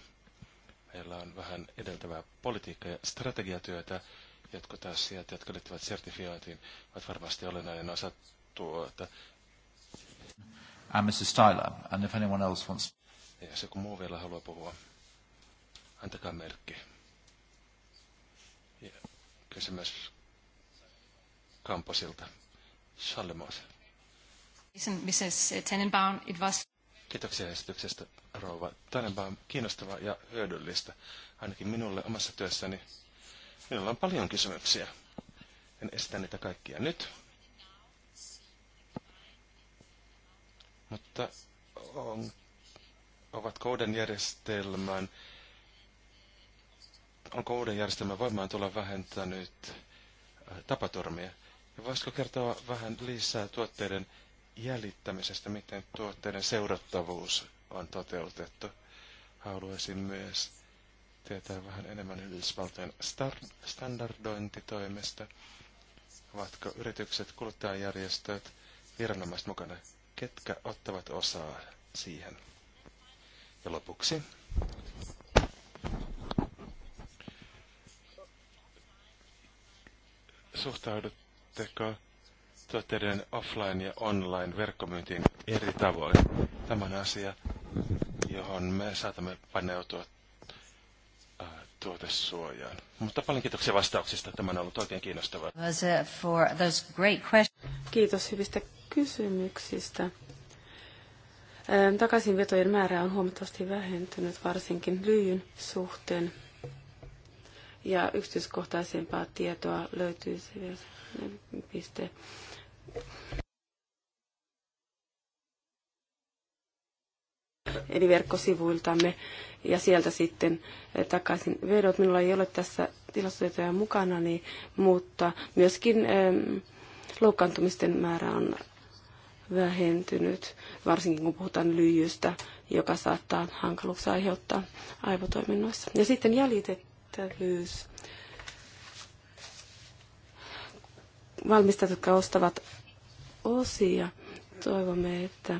Meillä on vähän edeltävää politiikka- ja strategiatyötä, taas sieltä, jotka liittyvät sertifiointiin, ovat varmasti olennainen osa tuota. Mr. Styler, and if anyone else wants jos joku muu vielä haluaa puhua, antakaa merkki. Ja kysymys Kamposilta. Charles eh, it Kiitoksia esityksestä, rouva Tänenbaum kiinnostava ja hyödyllistä, ainakin minulle omassa työssäni. Minulla on paljon kysymyksiä. En esitä niitä kaikkia nyt. Mutta on ovat kouden järjestelmän on kouden järjestelmän voimaan tulla vähentänyt äh, tapaturmia. Ja voisiko kertoa vähän lisää tuotteiden jäljittämisestä, miten tuotteiden seurattavuus on toteutettu? Haluaisin myös tietää vähän enemmän Yhdysvaltojen standardointitoimesta. Ovatko yritykset, kuluttajajärjestöt, viranomaiset mukana? Ketkä ottavat osaa siihen? Ja lopuksi suhtaudutteko tuotteiden offline- ja online-verkkomyyntiin eri tavoin? Tämä on asia, johon me saatamme paneutua äh, tuotesuojaan. Mutta paljon kiitoksia vastauksista. Tämä on ollut oikein kiinnostavaa. Uh, Kiitos hyvistä kysymyksistä. Takaisinvetojen määrä on huomattavasti vähentynyt, varsinkin lyijyn suhteen. Ja yksityiskohtaisempaa tietoa löytyy piste. Eli verkkosivuiltamme ja sieltä sitten takaisin vedot. Minulla ei ole tässä tilastotietoja mukana, niin, mutta myöskin loukkaantumisten määrä on vähentynyt, varsinkin kun puhutaan lyijystä, joka saattaa hankaluuksia aiheuttaa aivotoiminnoissa. Ja sitten jäljitettävyys. Valmistajat, jotka ostavat osia, toivomme, että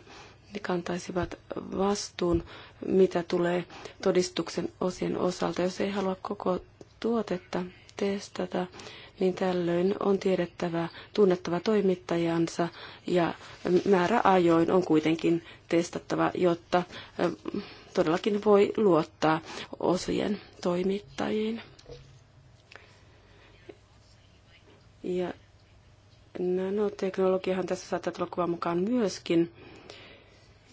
ne kantaisivat vastuun, mitä tulee todistuksen osien osalta. Jos ei halua koko tuotetta testata, niin tällöin on tiedettävä, tunnettava toimittajansa ja määrä ajoin on kuitenkin testattava, jotta todellakin voi luottaa osien toimittajiin. Ja nanoteknologiahan tässä saattaa tulla kuvan mukaan myöskin.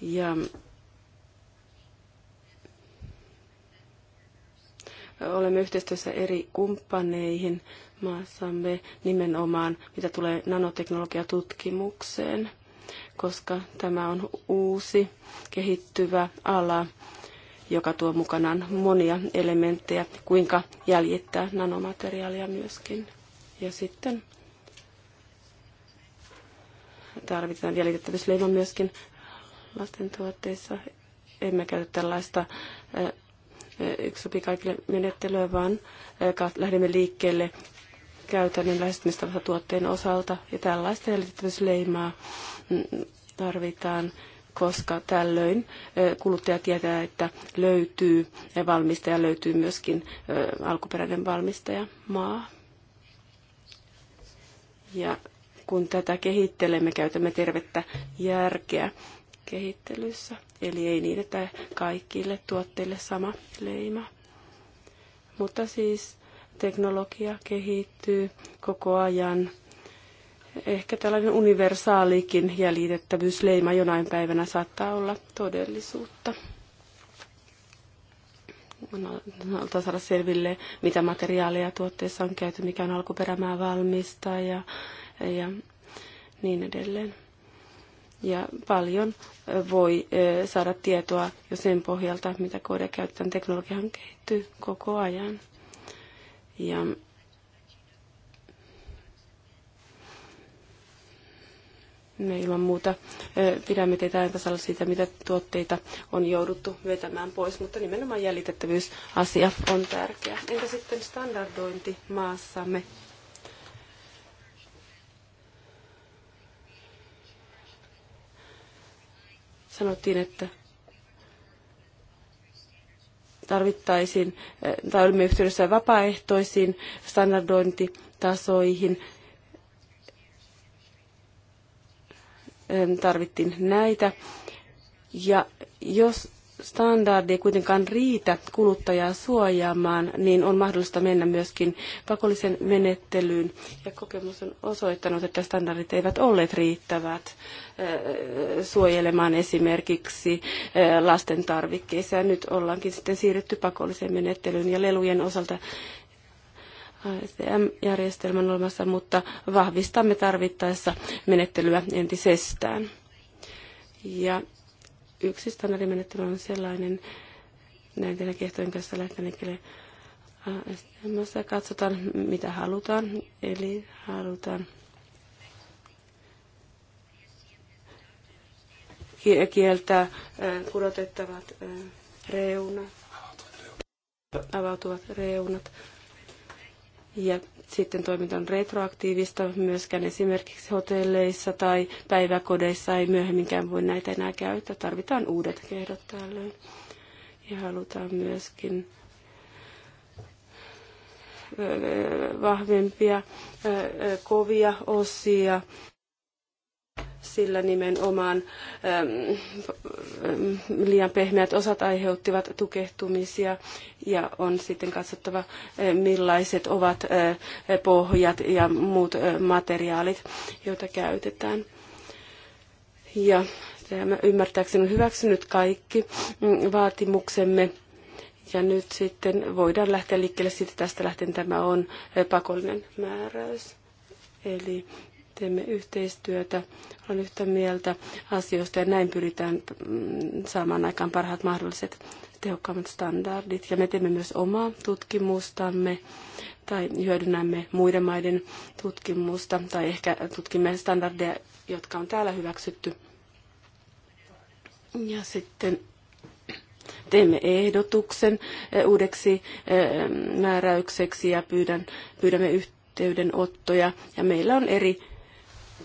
Ja Olemme yhteistyössä eri kumppaneihin maassamme nimenomaan, mitä tulee nanoteknologiatutkimukseen, koska tämä on uusi kehittyvä ala, joka tuo mukanaan monia elementtejä, kuinka jäljittää nanomateriaalia myöskin. Ja sitten tarvitaan jäljitettävyysleima myöskin lasten tuotteissa. Emme käytä tällaista yksi sopii kaikille menettelyä, vaan lähdemme liikkeelle käytännön lähestymistavassa tuotteen osalta ja tällaista jäljitettävyysleimaa mm, tarvitaan koska tällöin kuluttaja tietää, että löytyy valmistaja, löytyy myöskin alkuperäinen valmistaja maa. Ja kun tätä kehittelemme, käytämme tervettä järkeä kehittelyssä. Eli ei niin, että kaikille tuotteille sama leima. Mutta siis teknologia kehittyy koko ajan. Ehkä tällainen universaalikin jäljitettävyysleima jonain päivänä saattaa olla todellisuutta On saada selville, mitä materiaaleja tuotteessa on käyty, mikä on alkuperämää valmistaa ja, ja niin edelleen ja paljon voi saada tietoa jo sen pohjalta, mitä koodia käyttää. Teknologiahan kehittyy koko ajan. Ja me ilman muuta pidämme teitä ajan tasalla siitä, mitä tuotteita on jouduttu vetämään pois, mutta nimenomaan jäljitettävyysasia on tärkeä. Entä sitten standardointi maassamme? sanottiin, että tarvittaisiin, tai olimme yhteydessä vapaaehtoisiin standardointitasoihin. Tarvittiin näitä. Ja jos standardi ei kuitenkaan riitä kuluttajaa suojaamaan, niin on mahdollista mennä myöskin pakollisen menettelyyn. Ja kokemus on osoittanut, että standardit eivät olleet riittävät suojelemaan esimerkiksi lasten tarvikkeissa. Ja nyt ollaankin sitten siirrytty pakolliseen menettelyyn ja lelujen osalta ASTM-järjestelmän olemassa, mutta vahvistamme tarvittaessa menettelyä entisestään. Ja Yksi standardimenettely on sellainen näiden kehtojen kanssa lähteneelle STMssä katsotaan, mitä halutaan. Eli halutaan kieltää kudotettavat reunat, avautuvat reunat. Ja sitten toiminta on retroaktiivista, myöskään esimerkiksi hotelleissa tai päiväkodeissa ei myöhemminkään voi näitä enää käyttää. Tarvitaan uudet kehdot tällöin. Ja halutaan myöskin vahvempia kovia osia sillä nimenomaan ähm, ähm, liian pehmeät osat aiheuttivat tukehtumisia ja on sitten katsottava, äh, millaiset ovat äh, pohjat ja muut äh, materiaalit, joita käytetään. Ja tämä ymmärtääkseni on hyväksynyt kaikki mm, vaatimuksemme. Ja nyt sitten voidaan lähteä liikkeelle siitä, tästä lähtien tämä on pakollinen määräys. Eli teemme yhteistyötä, olen yhtä mieltä asioista ja näin pyritään mm, saamaan aikaan parhaat mahdolliset tehokkaammat standardit. Ja me teemme myös omaa tutkimustamme tai hyödynnämme muiden maiden tutkimusta tai ehkä tutkimme standardeja, jotka on täällä hyväksytty. Ja sitten teemme ehdotuksen eh, uudeksi eh, määräykseksi ja pyydän, pyydämme yhteydenottoja. Ja meillä on eri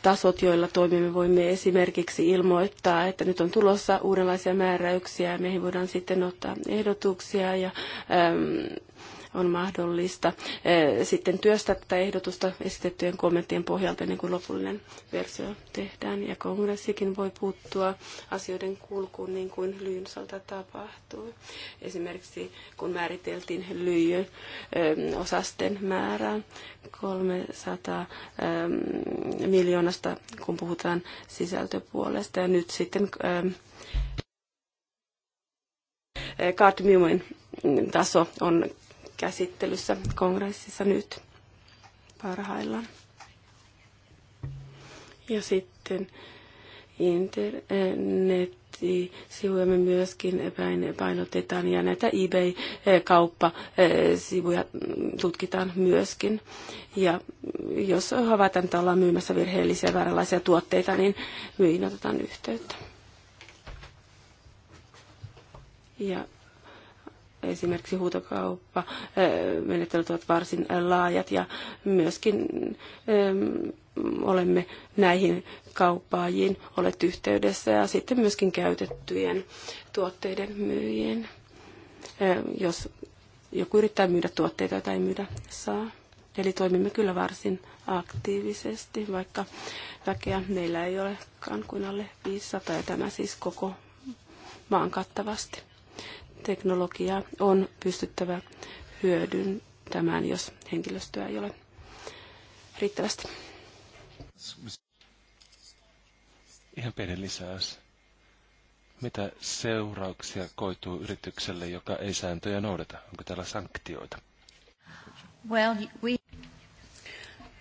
tasot, joilla toimimme, voimme esimerkiksi ilmoittaa, että nyt on tulossa uudenlaisia määräyksiä ja meihin voidaan sitten ottaa ehdotuksia ja äm, on mahdollista eh, sitten työstää tätä ehdotusta esitettyjen kommenttien pohjalta ennen kuin lopullinen versio tehdään. Ja kongressikin voi puuttua asioiden kulkuun niin kuin lyynsalta tapahtuu. Esimerkiksi kun määriteltiin lyijyn eh, osasten määrää 300 eh, miljoonasta, kun puhutaan sisältöpuolesta. Ja nyt sitten kadmiumin taso on käsittelyssä kongressissa nyt parhaillaan. Ja sitten internetsivuja me myöskin painotetaan ja näitä eBay-kauppasivuja tutkitaan myöskin. Ja jos havaitaan, että ollaan myymässä virheellisiä vääränlaisia tuotteita, niin myihin otetaan yhteyttä. Ja Esimerkiksi huutokauppa menettelyt ovat varsin laajat ja myöskin olemme näihin kauppaajiin olleet yhteydessä ja sitten myöskin käytettyjen tuotteiden myyjien, jos joku yrittää myydä tuotteita, joita ei myydä saa. Eli toimimme kyllä varsin aktiivisesti, vaikka väkeä meillä ei olekaan kuin alle 500, ja tämä siis koko maan kattavasti teknologiaa on pystyttävä hyödyntämään, jos henkilöstöä ei ole riittävästi. Ihan pieni lisäys. Mitä seurauksia koituu yritykselle, joka ei sääntöjä noudata? Onko täällä sanktioita? Well, we...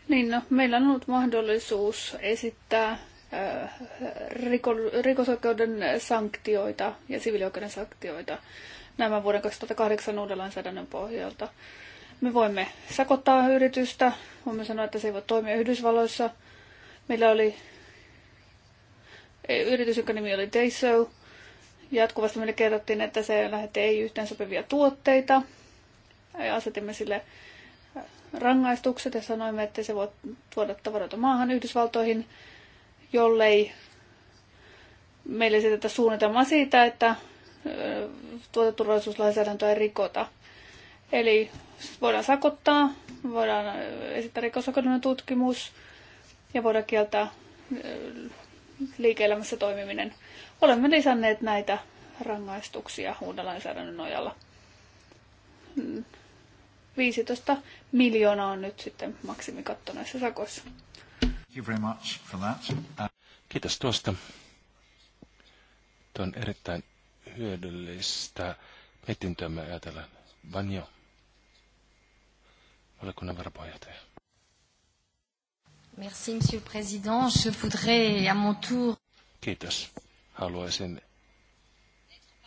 Niin no, meillä on ollut mahdollisuus esittää Äh, rikosoikeuden sanktioita ja siviilioikeuden sanktioita nämä vuoden 2008 uuden lainsäädännön pohjalta. Me voimme sakottaa yritystä, voimme sanoa, että se ei voi toimia Yhdysvalloissa. Meillä oli yritys, jonka nimi oli Dayso. Jatkuvasti meille kerrottiin, että se lähetti ei yhteen sopivia tuotteita. Ja asetimme sille äh, rangaistukset ja sanoimme, että se voi tuoda tavaroita maahan Yhdysvaltoihin jollei meille esitetä suunnitelmaa siitä, että tuoteturvallisuuslainsäädäntöä ei rikota. Eli voidaan sakottaa, voidaan esittää rikosoikeudellinen tutkimus ja voidaan kieltää liike-elämässä toimiminen. Olemme lisänneet näitä rangaistuksia uuden lainsäädännön nojalla. 15 mm, miljoonaa on nyt sitten maksimikatto näissä sakoissa. Uh, Kiitos tuosta. Tuo on erittäin hyödyllistä mietintöä me ajatellaan. Vanjo, valiokunnan varapuheenjohtaja. Merci, Monsieur le Président. Je voudrais à mon tour... Kiitos. Haluaisin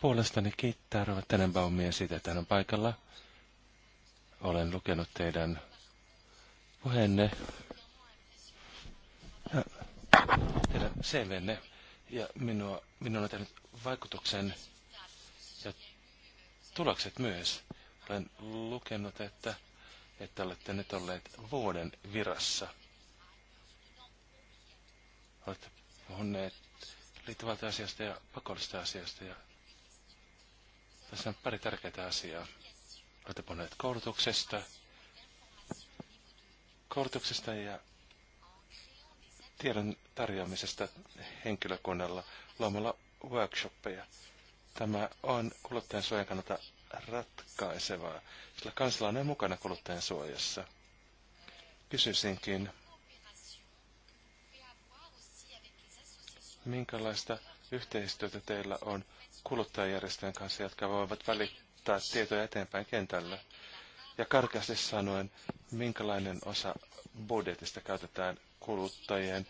puolestani kiittää Rova Tenenbaumia siitä, että hän on paikalla. Olen lukenut teidän puheenne CVnne Ja minua, minua on tehnyt vaikutuksen ja tulokset myös. Olen lukenut, että, että olette nyt olleet vuoden virassa. Olette puhuneet asiasta ja pakollista asiasta. Ja tässä on pari tärkeää asiaa. Olette puhuneet koulutuksesta, koulutuksesta ja tiedon tarjoamisesta henkilökunnalla luomalla workshoppeja. Tämä on kuluttajan suojan kannalta ratkaisevaa, sillä kansalainen on mukana kuluttajan suojassa. Kysyisinkin, minkälaista yhteistyötä teillä on kuluttajajärjestöjen kanssa, jotka voivat välittää tietoja eteenpäin kentällä? Ja karkeasti sanoen, minkälainen osa budjetista käytetään kuluttajien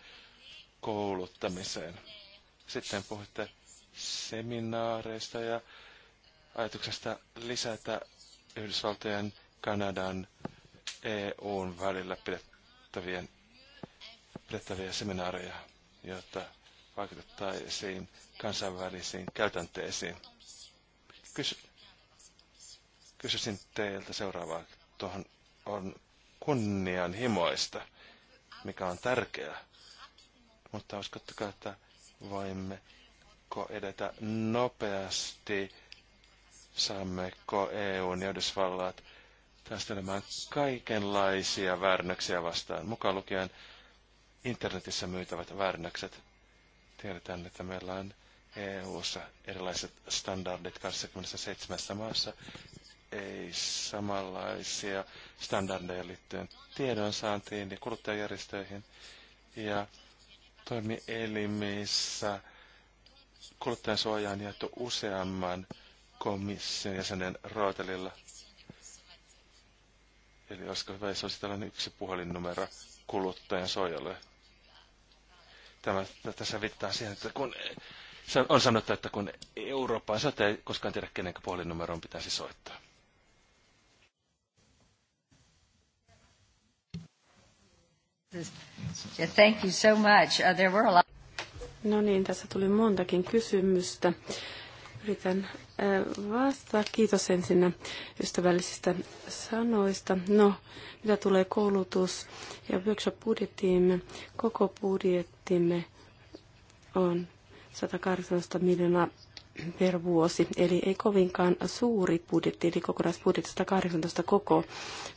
kouluttamiseen. Sitten puhutte seminaareista ja ajatuksesta lisätä Yhdysvaltojen, Kanadan, EUn välillä pidettävien, pidettäviä seminaareja, jotta vaikutettaisiin kansainvälisiin käytänteisiin. Kysy, kysyisin teiltä seuraavaa. Tuohon on kunnianhimoista mikä on tärkeää. Mutta uskottakaa, että voimmeko edetä nopeasti, ko EUn ja Yhdysvallat taistelemaan kaikenlaisia väärännöksiä vastaan, mukaan lukien internetissä myytävät väärännökset. Tiedetään, että meillä on EU-ssa erilaiset standardit 27 maassa, ei samanlaisia standardeja liittyen tiedonsaantiin ja kuluttajajärjestöihin ja toimielimissä suoja on jaettu useamman komission jäsenen rootelilla. Eli olisiko hyvä, jos olisi tällainen yksi puhelinnumero kuluttajan suojalle. Tämä, tässä viittaa siihen, että kun on sanottu, että kun Eurooppaan sote ei koskaan tiedä, kenen puhelinnumeroon pitäisi soittaa. Thank you so much. Uh, there were a lot... No niin, tässä tuli montakin kysymystä. Yritän äh, vastata. Kiitos ensin ystävällisistä sanoista. No, mitä tulee koulutus- ja workshop-budjettiimme, koko budjettimme on 118 miljoonaa per vuosi, eli ei kovinkaan suuri budjetti, eli kokonaisbudjetista 18 koko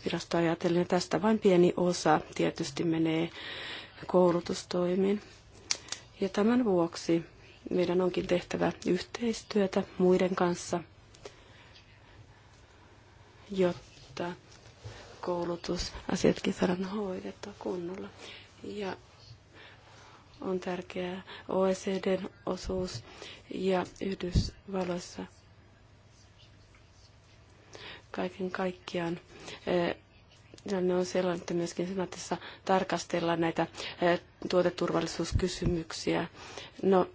virasto ajatellen. Tästä vain pieni osa tietysti menee koulutustoimiin. Ja tämän vuoksi meidän onkin tehtävä yhteistyötä muiden kanssa, jotta koulutusasiatkin saadaan hoidettua kunnolla. Ja on tärkeää, OECDn osuus ja Yhdysvalloissa kaiken kaikkiaan e, tilanne on sellainen, että myöskin senaatissa tarkastellaan näitä e, tuoteturvallisuuskysymyksiä. No,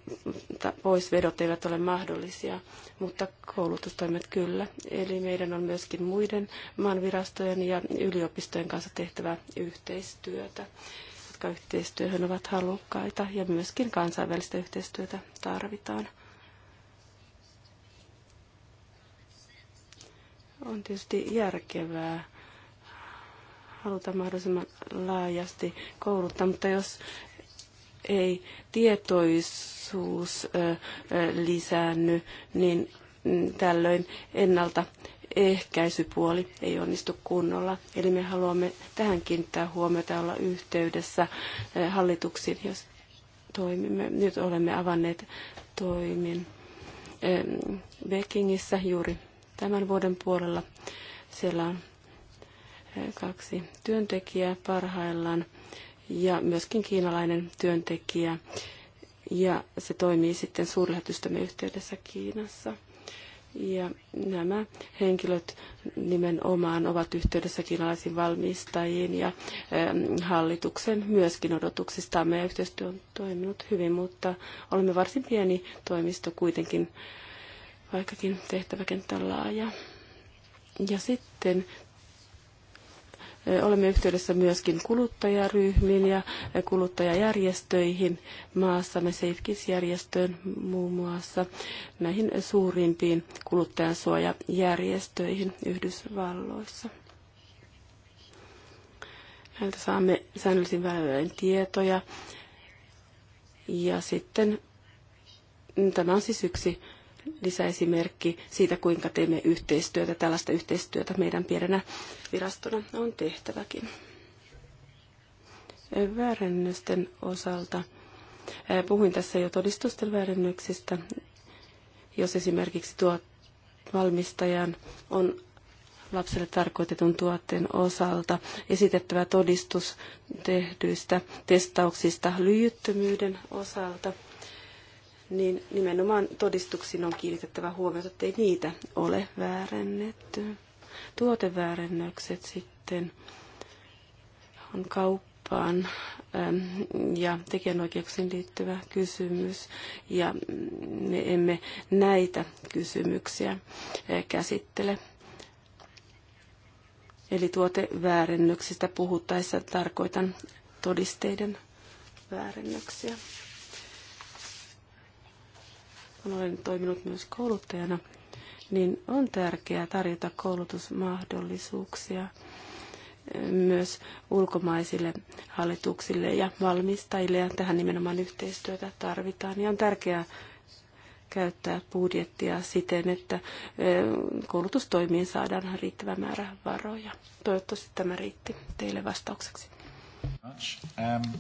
poisvedot eivät ole mahdollisia, mutta koulutustoimet kyllä. Eli meidän on myöskin muiden maanvirastojen ja yliopistojen kanssa tehtävä yhteistyötä jotka yhteistyöhön ovat halukkaita ja myöskin kansainvälistä yhteistyötä tarvitaan. On tietysti järkevää haluta mahdollisimman laajasti kouluttaa, mutta jos ei tietoisuus lisäänny, niin mm, tällöin ennalta ehkäisypuoli ei onnistu kunnolla. Eli me haluamme tähän kiinnittää huomiota olla yhteydessä eh, hallituksiin, jos toimimme. Nyt olemme avanneet toimin Pekingissä juuri tämän vuoden puolella. Siellä on eh, kaksi työntekijää parhaillaan ja myöskin kiinalainen työntekijä. Ja se toimii sitten suurlähetystömme yhteydessä Kiinassa. Ja nämä henkilöt nimenomaan ovat yhteydessä kiinalaisiin valmistajiin ja ähm, hallituksen myöskin odotuksista. Meidän yhteistyö on toiminut hyvin, mutta olemme varsin pieni toimisto kuitenkin, vaikkakin tehtäväkenttä on laaja. Ja sitten Olemme yhteydessä myöskin kuluttajaryhmiin ja kuluttajajärjestöihin maassamme, SafeKiss-järjestöön muun muassa, näihin suurimpiin kuluttajansuojajärjestöihin Yhdysvalloissa. Näiltä saamme säännöllisin välein tietoja. Ja sitten tämä on siis yksi lisäesimerkki siitä, kuinka teemme yhteistyötä. Tällaista yhteistyötä meidän pienenä virastona on tehtäväkin. Väärennösten osalta puhuin tässä jo todistusten väärennöksistä. Jos esimerkiksi tuo valmistajan on lapselle tarkoitetun tuotteen osalta esitettävä todistus tehdyistä testauksista lyijyttömyyden osalta – niin nimenomaan todistuksiin on kiinnitettävä huomiota, ei niitä ole väärennetty. Tuoteväärennökset sitten on kauppaan ja tekijänoikeuksiin liittyvä kysymys, ja me emme näitä kysymyksiä käsittele. Eli tuoteväärennöksistä puhuttaessa tarkoitan todisteiden väärennöksiä kun olen toiminut myös kouluttajana, niin on tärkeää tarjota koulutusmahdollisuuksia eh, myös ulkomaisille hallituksille ja valmistajille, ja tähän nimenomaan yhteistyötä tarvitaan. Ja on tärkeää käyttää budjettia siten, että eh, koulutustoimiin saadaan riittävä määrä varoja. Toivottavasti tämä riitti teille vastaukseksi. Um,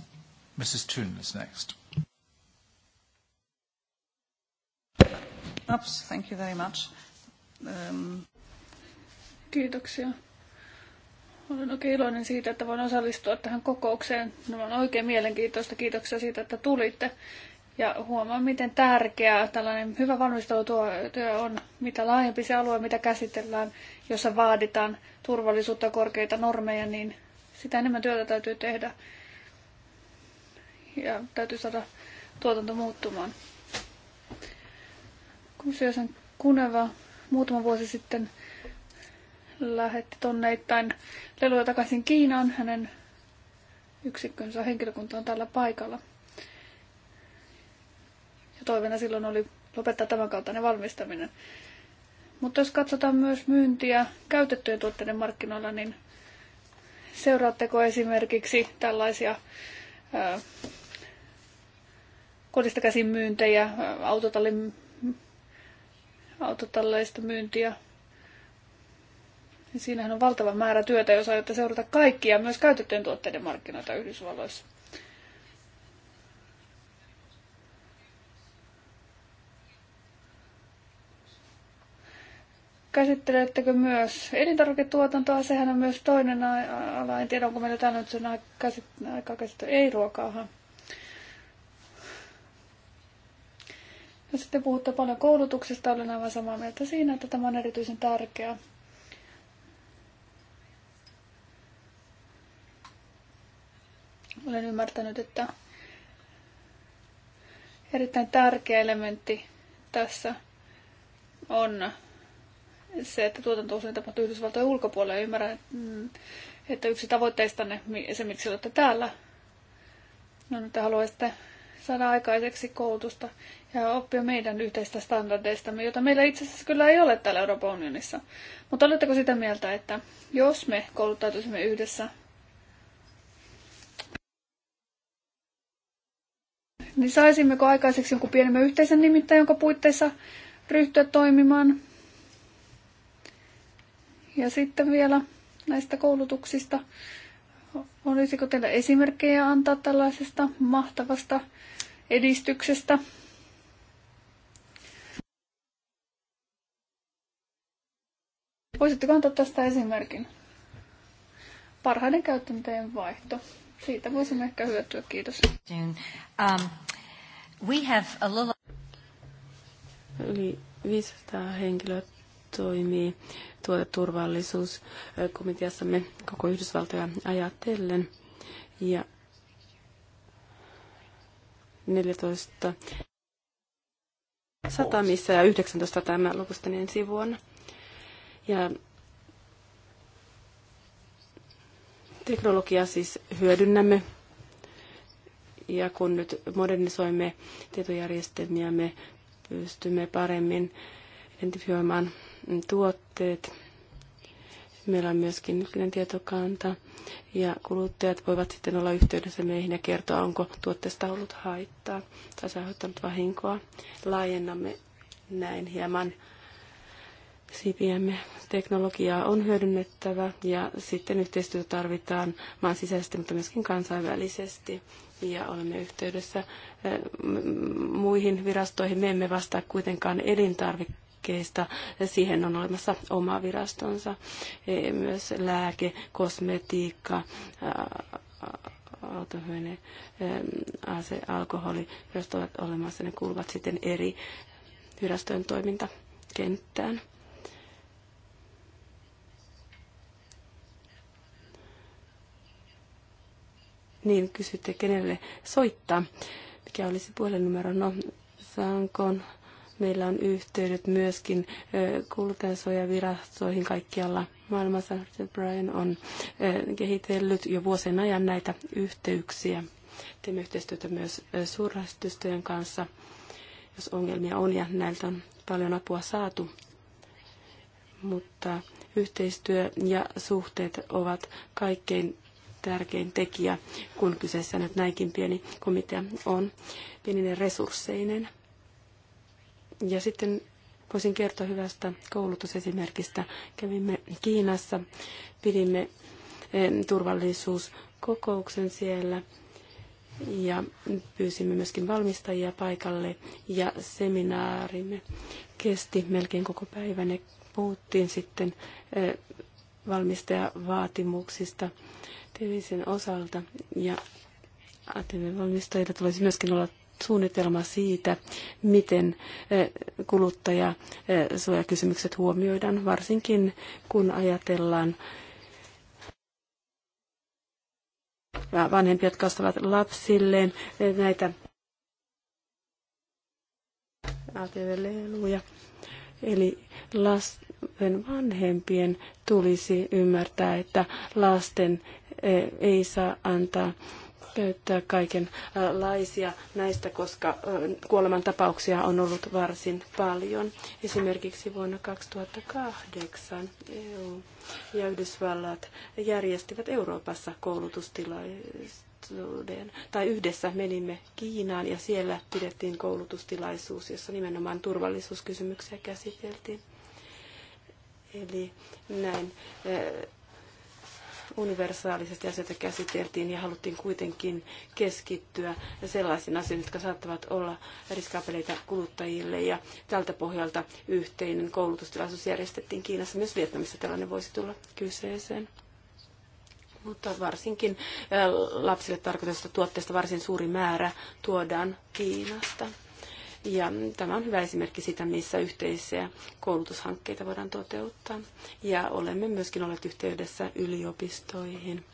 Mrs. Toon is next. Oops, thank you very much. Um... Kiitoksia. Olen oikein iloinen siitä, että voin osallistua tähän kokoukseen. Nämä on oikein mielenkiintoista. Kiitoksia siitä, että tulitte. Ja huomaan, miten tärkeää tällainen hyvä valmistelutyö on. Mitä laajempi se alue, mitä käsitellään, jossa vaaditaan turvallisuutta, korkeita normeja, niin sitä enemmän työtä täytyy tehdä. Ja täytyy saada tuotanto muuttumaan. Kusiosen Kuneva muutama vuosi sitten lähetti tonneittain leluja takaisin Kiinaan. Hänen yksikkönsä henkilökunta on tällä paikalla. Ja toivena silloin oli lopettaa tämän kaltainen valmistaminen. Mutta jos katsotaan myös myyntiä käytettyjen tuotteiden markkinoilla, niin seuraatteko esimerkiksi tällaisia ää, kodista käsin myyntejä, autotallin autotalleista myyntiä. Ja siinähän on valtava määrä työtä, jos aiotte seurata kaikkia, myös käytettyjen tuotteiden markkinoita Yhdysvalloissa. käsittelettekö myös elintarviketuotantoa? Sehän on myös toinen ala. En tiedä, onko meillä tänään nyt sen aikaa käsittää. ei ruokaahan. No sitten puhutte paljon koulutuksesta, olen aivan samaa mieltä siinä, että tämä on erityisen tärkeää. Olen ymmärtänyt, että erittäin tärkeä elementti tässä on se, että tuotanto usein tapahtuu Yhdysvaltojen ulkopuolella. Ymmärrän, että yksi tavoitteistanne, se miksi olette täällä, on, no että haluaisitte saada aikaiseksi koulutusta ja oppia meidän yhteistä standardeistamme, jota meillä itse asiassa kyllä ei ole täällä Euroopan unionissa. Mutta oletteko sitä mieltä, että jos me kouluttautuisimme yhdessä, niin saisimmeko aikaiseksi jonkun pienemmän yhteisen nimittäin, jonka puitteissa ryhtyä toimimaan? Ja sitten vielä näistä koulutuksista. Olisiko teillä esimerkkejä antaa tällaisesta mahtavasta edistyksestä? Voisitteko antaa tästä esimerkin? Parhaiden käyttäjien vaihto. Siitä voisimme ehkä hyötyä. Kiitos. Um, we have a little... Yli 500 henkilöä toimii tuoteturvallisuuskomiteassamme koko Yhdysvaltoja ajatellen. Ja 14 satamissa ja 19 tämän lopusta ensi vuonna. Ja teknologiaa siis hyödynnämme. Ja kun nyt modernisoimme tietojärjestelmiä, me pystymme paremmin identifioimaan tuotteet. Meillä on myöskin nykyinen tietokanta ja kuluttajat voivat sitten olla yhteydessä meihin ja kertoa, onko tuotteesta ollut haittaa tai se aiheuttanut vahinkoa. Laajennamme näin hieman CPM-teknologiaa on hyödynnettävä ja sitten yhteistyötä tarvitaan maan sisäisesti, mutta myöskin kansainvälisesti. Ja olemme yhteydessä eh, muihin virastoihin. Me emme vastaa kuitenkaan elintarvikkeista. Siihen on olemassa oma virastonsa. Eh, myös lääke, kosmetiikka, autohyöne, ase, alkoholi, jos ovat olemassa, ne kuuluvat sitten eri virastojen toimintakenttään. Niin, kysytte kenelle soittaa. Mikä olisi puhelinnumero? No, Saanko? meillä on yhteydet myöskin kuluttajansuojavirastoihin kaikkialla maailmassa. Brian on kehitellyt jo vuosien ajan näitä yhteyksiä. Teemme yhteistyötä myös suurrahastustojen kanssa, jos ongelmia on, ja näiltä on paljon apua saatu. Mutta yhteistyö ja suhteet ovat kaikkein tärkein tekijä, kun kyseessä nyt näinkin pieni komitea on, pieninen resursseinen. Ja sitten voisin kertoa hyvästä koulutusesimerkistä. Kävimme Kiinassa, pidimme eh, turvallisuuskokouksen siellä ja pyysimme myöskin valmistajia paikalle ja seminaarimme kesti melkein koko päivän ja puhuttiin sitten eh, valmistajavaatimuksista TVSin osalta. Ja ATV-valmistajilla tulisi myöskin olla suunnitelma siitä, miten eh, kuluttajasuojakysymykset eh, huomioidaan, varsinkin kun ajatellaan vanhempia, jotka ostavat lapsilleen eh, näitä ATV-leluja. Eli last, vanhempien tulisi ymmärtää, että lasten e, ei saa antaa käyttää kaikenlaisia näistä, koska e, kuolemantapauksia on ollut varsin paljon. Esimerkiksi vuonna 2008 EU ja Yhdysvallat järjestivät Euroopassa koulutustilaisuuden. Tai yhdessä menimme Kiinaan ja siellä pidettiin koulutustilaisuus, jossa nimenomaan turvallisuuskysymyksiä käsiteltiin. Eli näin eh, universaalisesti asioita käsiteltiin ja haluttiin kuitenkin keskittyä sellaisiin asioihin, jotka saattavat olla riskaapeleita kuluttajille. Ja tältä pohjalta yhteinen koulutustilaisuus järjestettiin Kiinassa. Myös Vietnamissa tällainen voisi tulla kyseeseen. Mutta varsinkin eh, lapsille tarkoitusta tuotteista varsin suuri määrä tuodaan Kiinasta. Ja tämä on hyvä esimerkki siitä, missä yhteisiä koulutushankkeita voidaan toteuttaa. Ja olemme myöskin olleet yhteydessä yliopistoihin.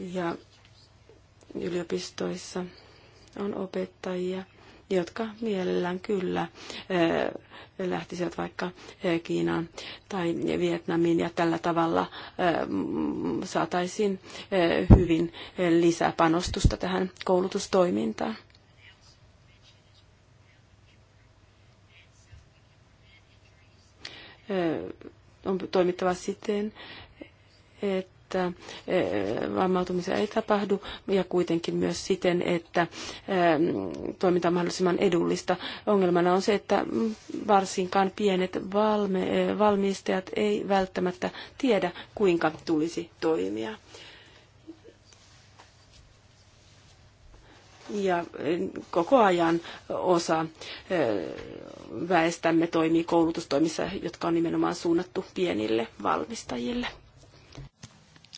Ja yliopistoissa on opettajia, jotka mielellään kyllä lähtisivät vaikka Kiinaan tai Vietnamiin ja tällä tavalla saataisiin hyvin lisäpanostusta tähän koulutustoimintaan. on toimittava siten, että että eh, vammautumisia ei tapahdu ja kuitenkin myös siten, että eh, toiminta on mahdollisimman edullista. Ongelmana on se, että varsinkaan pienet valme, eh, valmistajat ei välttämättä tiedä, kuinka tulisi toimia. ja koko ajan osa väestämme toimii koulutustoimissa, jotka on nimenomaan suunnattu pienille valmistajille.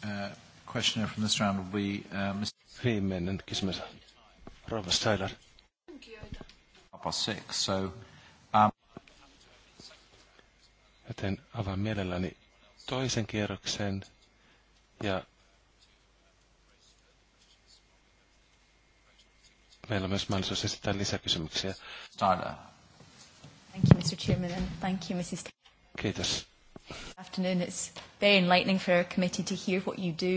Uh, questioner from this round will be uh, Six, so, um... Joten avaan mielelläni toisen kierroksen ja meillä on myös mahdollisuus esittää lisäkysymyksiä. Thank you, Mr. Chairman, and thank you, Mrs. Kiitos afternoon. It's very enlightening for our committee to hear what you do.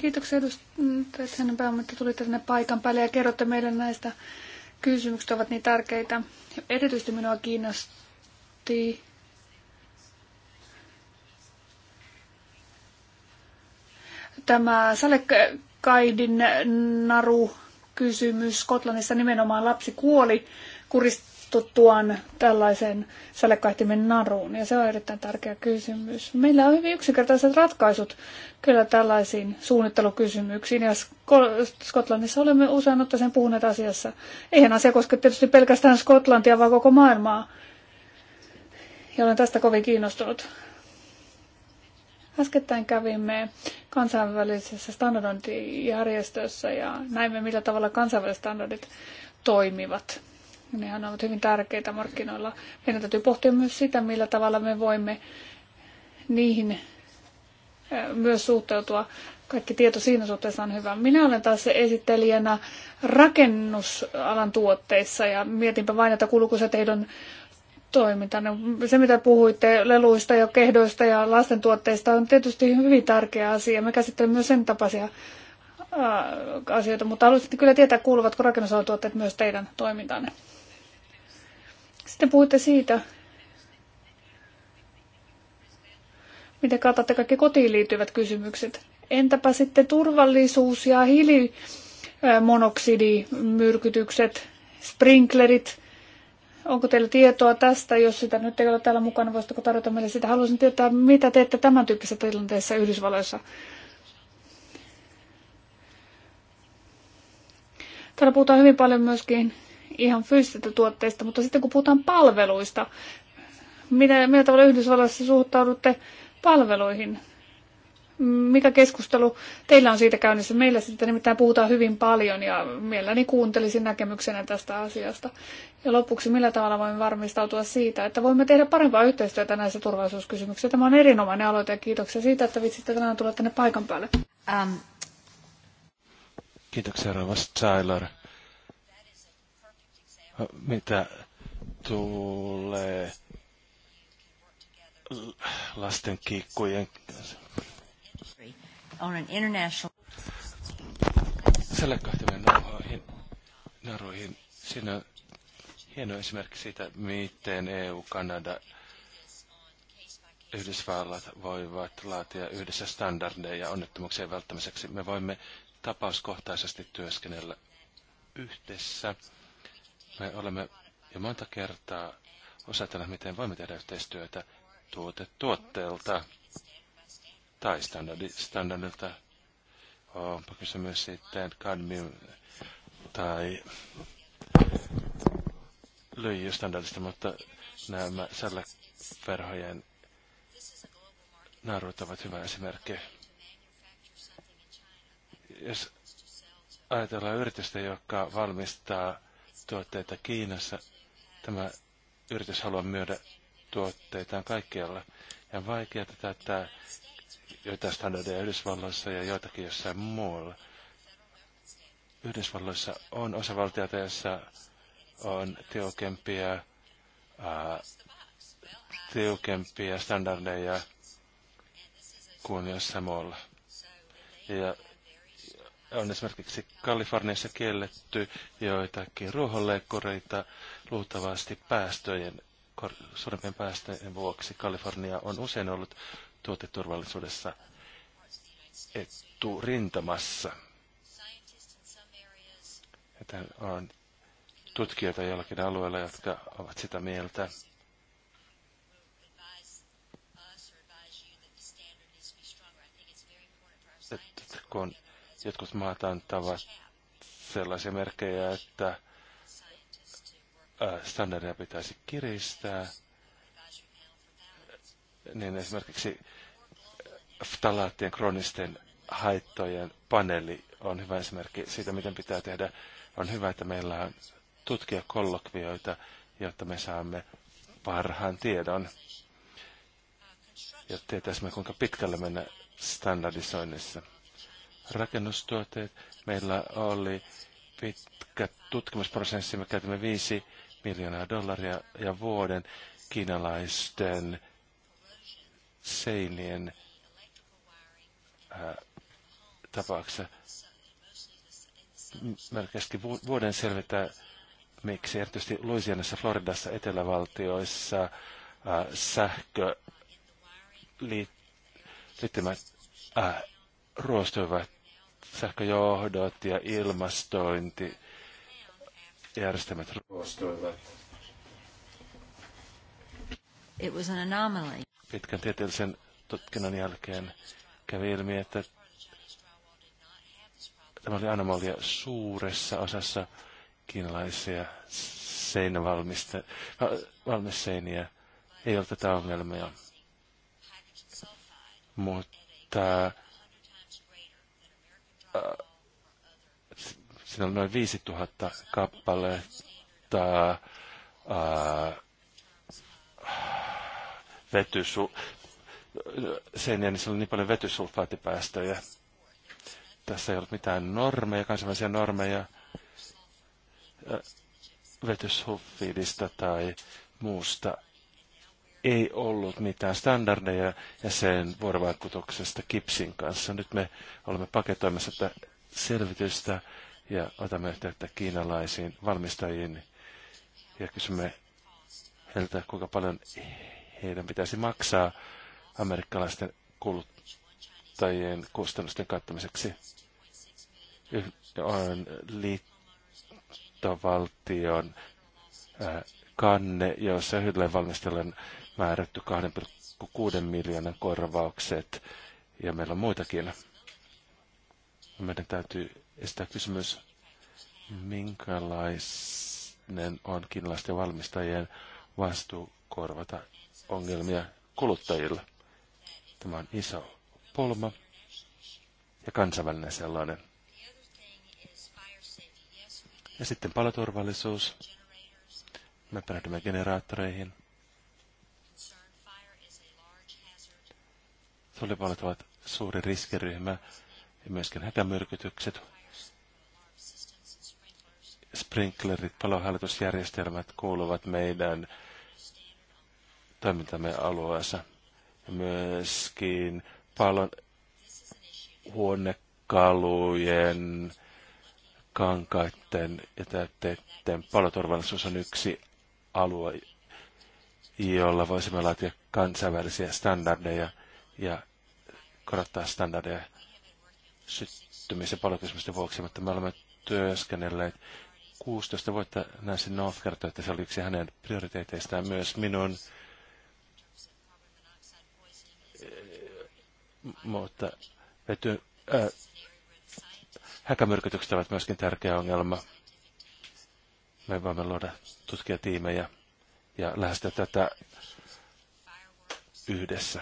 Kiitoksia edustajat Hennenpäämme, että tulitte tänne paikan päälle ja kerrotte meille näistä kysymyksistä, ovat niin tärkeitä. Erityisesti minua kiinnosti tämä salekaidin naru kysymys. Skotlannissa nimenomaan lapsi kuoli kurist tuon tällaisen sälekaihtimen naruun? Ja se on erittäin tärkeä kysymys. Meillä on hyvin yksinkertaiset ratkaisut kyllä tällaisiin suunnittelukysymyksiin, ja Skotlannissa olemme usein sen puhuneet asiassa. Eihän asia koske tietysti pelkästään Skotlantia, vaan koko maailmaa. Ja olen tästä kovin kiinnostunut. Äskettäin kävimme kansainvälisessä standardointijärjestössä ja näimme, millä tavalla kansainväliset standardit toimivat. Nehän ovat hyvin tärkeitä markkinoilla. Meidän täytyy pohtia myös sitä, millä tavalla me voimme niihin myös suhteutua. Kaikki tieto siinä suhteessa on hyvä. Minä olen taas esittelijänä rakennusalan tuotteissa ja mietinpä vain, että kuuluuko se teidän toimintanne. Se, mitä puhuitte leluista ja kehdoista ja lasten tuotteista on tietysti hyvin tärkeä asia. Me käsittelemme myös sen tapaisia asioita, mutta haluaisin kyllä tietää, kuuluvatko rakennusalan tuotteet myös teidän toimintanne. Sitten puhutte siitä, miten katsotte kaikki kotiin liittyvät kysymykset. Entäpä sitten turvallisuus ja hiilimonoksidimyrkytykset, sprinklerit? Onko teillä tietoa tästä? Jos sitä nyt ei ole täällä mukana, voisitteko tarjota meille sitä? Haluaisin tietää, mitä teette tämän tyyppisessä tilanteessa Yhdysvalloissa? Täällä puhutaan hyvin paljon myöskin ihan fyysisistä tuotteista, mutta sitten kun puhutaan palveluista, millä, millä tavalla Yhdysvalloissa suhtaudutte palveluihin? Mikä keskustelu teillä on siitä käynnissä? Meillä sitten nimittäin puhutaan hyvin paljon ja mielelläni kuuntelisin näkemyksenä tästä asiasta. Ja lopuksi, millä tavalla voimme varmistautua siitä, että voimme tehdä parempaa yhteistyötä näissä turvallisuuskysymyksissä? Tämä on erinomainen aloite ja kiitoksia siitä, että vitsitte tänään tulla tänne paikan päälle. Um. Kiitoksia, Ravas Tyler mitä tulee lasten kiikkujen selkähtävien nauhoihin, naruihin. Siinä on hieno esimerkki siitä, miten EU, Kanada, Yhdysvallat voivat laatia yhdessä standardeja onnettomuuksien välttämiseksi. Me voimme tapauskohtaisesti työskennellä yhdessä me olemme jo monta kertaa osatella, miten voimme tehdä yhteistyötä tuote tuotteelta tai standardi, standardilta. Onpa kysymys sitten kadmium tai lyijystandardista, mutta nämä sälläverhojen narut ovat hyvä esimerkki. Jos ajatellaan yritystä, joka valmistaa tuotteita Kiinassa. Tämä yritys haluaa myydä tuotteitaan kaikkialla. Ja on vaikeaa täyttää joitain standardeja Yhdysvalloissa ja joitakin jossain muualla. Yhdysvalloissa on osavaltioita, joissa on tiukempia, ää, tiukempia standardeja kuin jossain muualla. Ja on esimerkiksi Kaliforniassa kielletty joitakin ruohonleikkureita luultavasti päästöjen, suurempien päästöjen vuoksi. Kalifornia on usein ollut tuoteturvallisuudessa eturintamassa. Että on tutkijoita jollakin alueella, jotka ovat sitä mieltä, että kun Jotkut maat antavat sellaisia merkkejä, että äh, standardia pitäisi kiristää. Niin esimerkiksi äh, ftalaattien kronisten haittojen paneeli on hyvä esimerkki siitä, miten pitää tehdä. On hyvä, että meillä on tutkia kollokvioita, jotta me saamme parhaan tiedon. Ja tietäisimme, kuinka pitkälle mennä standardisoinnissa rakennustuotteet. Meillä oli pitkä tutkimusprosessi. Me käytimme 5 miljoonaa dollaria ja vuoden kiinalaisten seinien ää, tapauksessa. Melkein vuoden selvitä, miksi erityisesti Louisianassa, Floridassa, etelävaltioissa ää, sähkö liittymät äh, ruostuivat sähköjohdot ja ilmastointi järjestelmät ruostuivat. It was an anomaly. Pitkän tieteellisen tutkinnan jälkeen kävi ilmi, että tämä oli anomalia suuressa osassa kiinalaisia seinävalmisteiniä. Ei ole tätä ongelmaa. Mutta Äh, siinä on noin 5000 kappaletta äh, vetysu, sen niin siellä oli niin paljon vetysulfaattipäästöjä. Tässä ei ollut mitään normeja, kansainvälisiä normeja äh, vetysulfiidista tai muusta ei ollut mitään standardeja ja sen vuorovaikutuksesta KIPSin kanssa. Nyt me olemme paketoimassa tätä selvitystä ja otamme yhteyttä kiinalaisiin valmistajiin ja kysymme heiltä, kuinka paljon heidän pitäisi maksaa amerikkalaisten kuluttajien kustannusten kattamiseksi. On liittovaltion kanne, jossa yhdelle valmistelun määrätty 2,6 miljoonan korvaukset ja meillä on muitakin. Meidän täytyy estää kysymys, minkälainen on kiinalaisten valmistajien vastuu korvata ongelmia kuluttajille. Tämä on iso polma ja kansainvälinen sellainen. Ja sitten paloturvallisuus. Me perehdymme generaattoreihin. Tulipalot ovat suuri riskiryhmä ja myöskin hätämyrkytykset, sprinklerit, palohallitusjärjestelmät kuuluvat meidän toimintamme alueessa. Ja myöskin palon huonekalujen, kankaiden ja täytteiden paloturvallisuus on yksi alue, jolla voisimme laatia kansainvälisiä standardeja – ja korottaa standardeja syttymisen palokysymysten vuoksi, mutta me olemme työskennelleet 16 vuotta Nancy North kertoi, että se oli yksi hänen prioriteeteistaan myös minun. Äh, mutta vety, äh, häkämyrkytykset ovat myöskin tärkeä ongelma. Me voimme luoda tutkijatiimejä ja lähestyä tätä yhdessä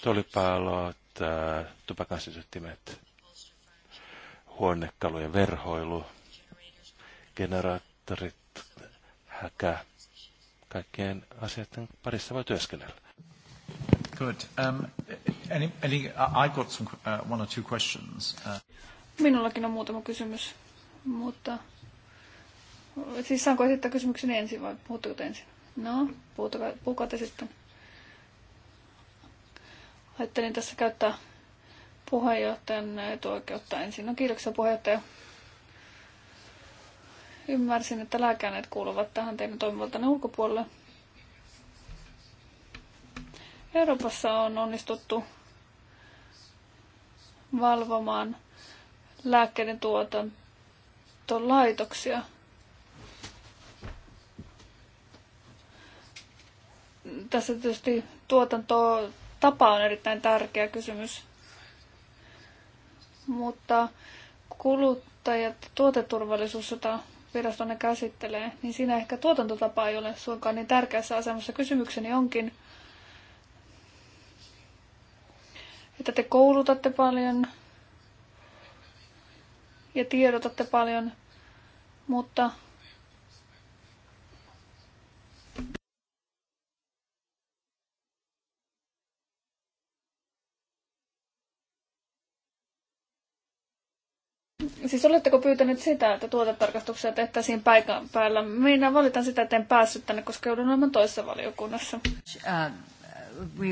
tulipalot, äh, tupakansytyttimet, huonekalujen verhoilu, generaattorit, häkä. Kaikkien asioiden parissa voi työskennellä. Good. Um, any, any, I've got some, uh, one or two questions. Uh... Minullakin on muutama kysymys, mutta siis saanko esittää kysymyksen ensin vai puhutteko ensin? No, puhukaa te sitten. Ajattelin tässä käyttää puheenjohtajan etuoikeutta ensin. No kiitoksia puheenjohtaja. Ymmärsin, että lääkäneet kuuluvat tähän teidän toimivaltanne ulkopuolelle. Euroopassa on onnistuttu valvomaan lääkkeiden laitoksia Tässä tietysti tuotanto tapa on erittäin tärkeä kysymys. Mutta kuluttajat, tuoteturvallisuus, jota virasto ne käsittelee, niin siinä ehkä tuotantotapa ei ole suinkaan niin tärkeässä asemassa. Kysymykseni onkin, että te koulutatte paljon ja tiedotatte paljon, mutta Siis oletteko pyytäneet sitä, että tuotetarkastuksia tehtäisiin paikan päällä? Minä valitan sitä, että en päässyt tänne, koska joudun olemaan toisessa valiokunnassa. Um,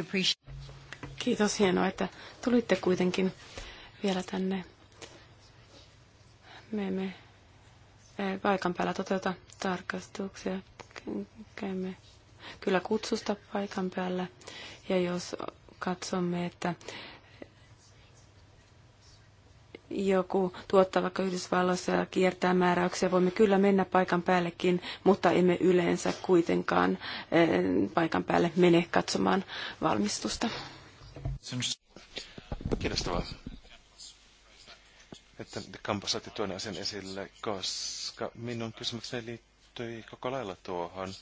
Kiitos, hienoa, että tulitte kuitenkin vielä tänne. Me emme eh, paikan päällä toteuta tarkastuksia. Käymme kyllä kutsusta paikan päällä. Ja jos katsomme, että joku tuottaa vaikka Yhdysvalloissa ja kiertää määräyksiä, voimme kyllä mennä paikan päällekin, mutta emme yleensä kuitenkaan eh, paikan päälle mene katsomaan valmistusta. Kiinnostavaa, että Kampas otti tuon asian esille, koska minun kysymykseni liittyi koko lailla tuohon.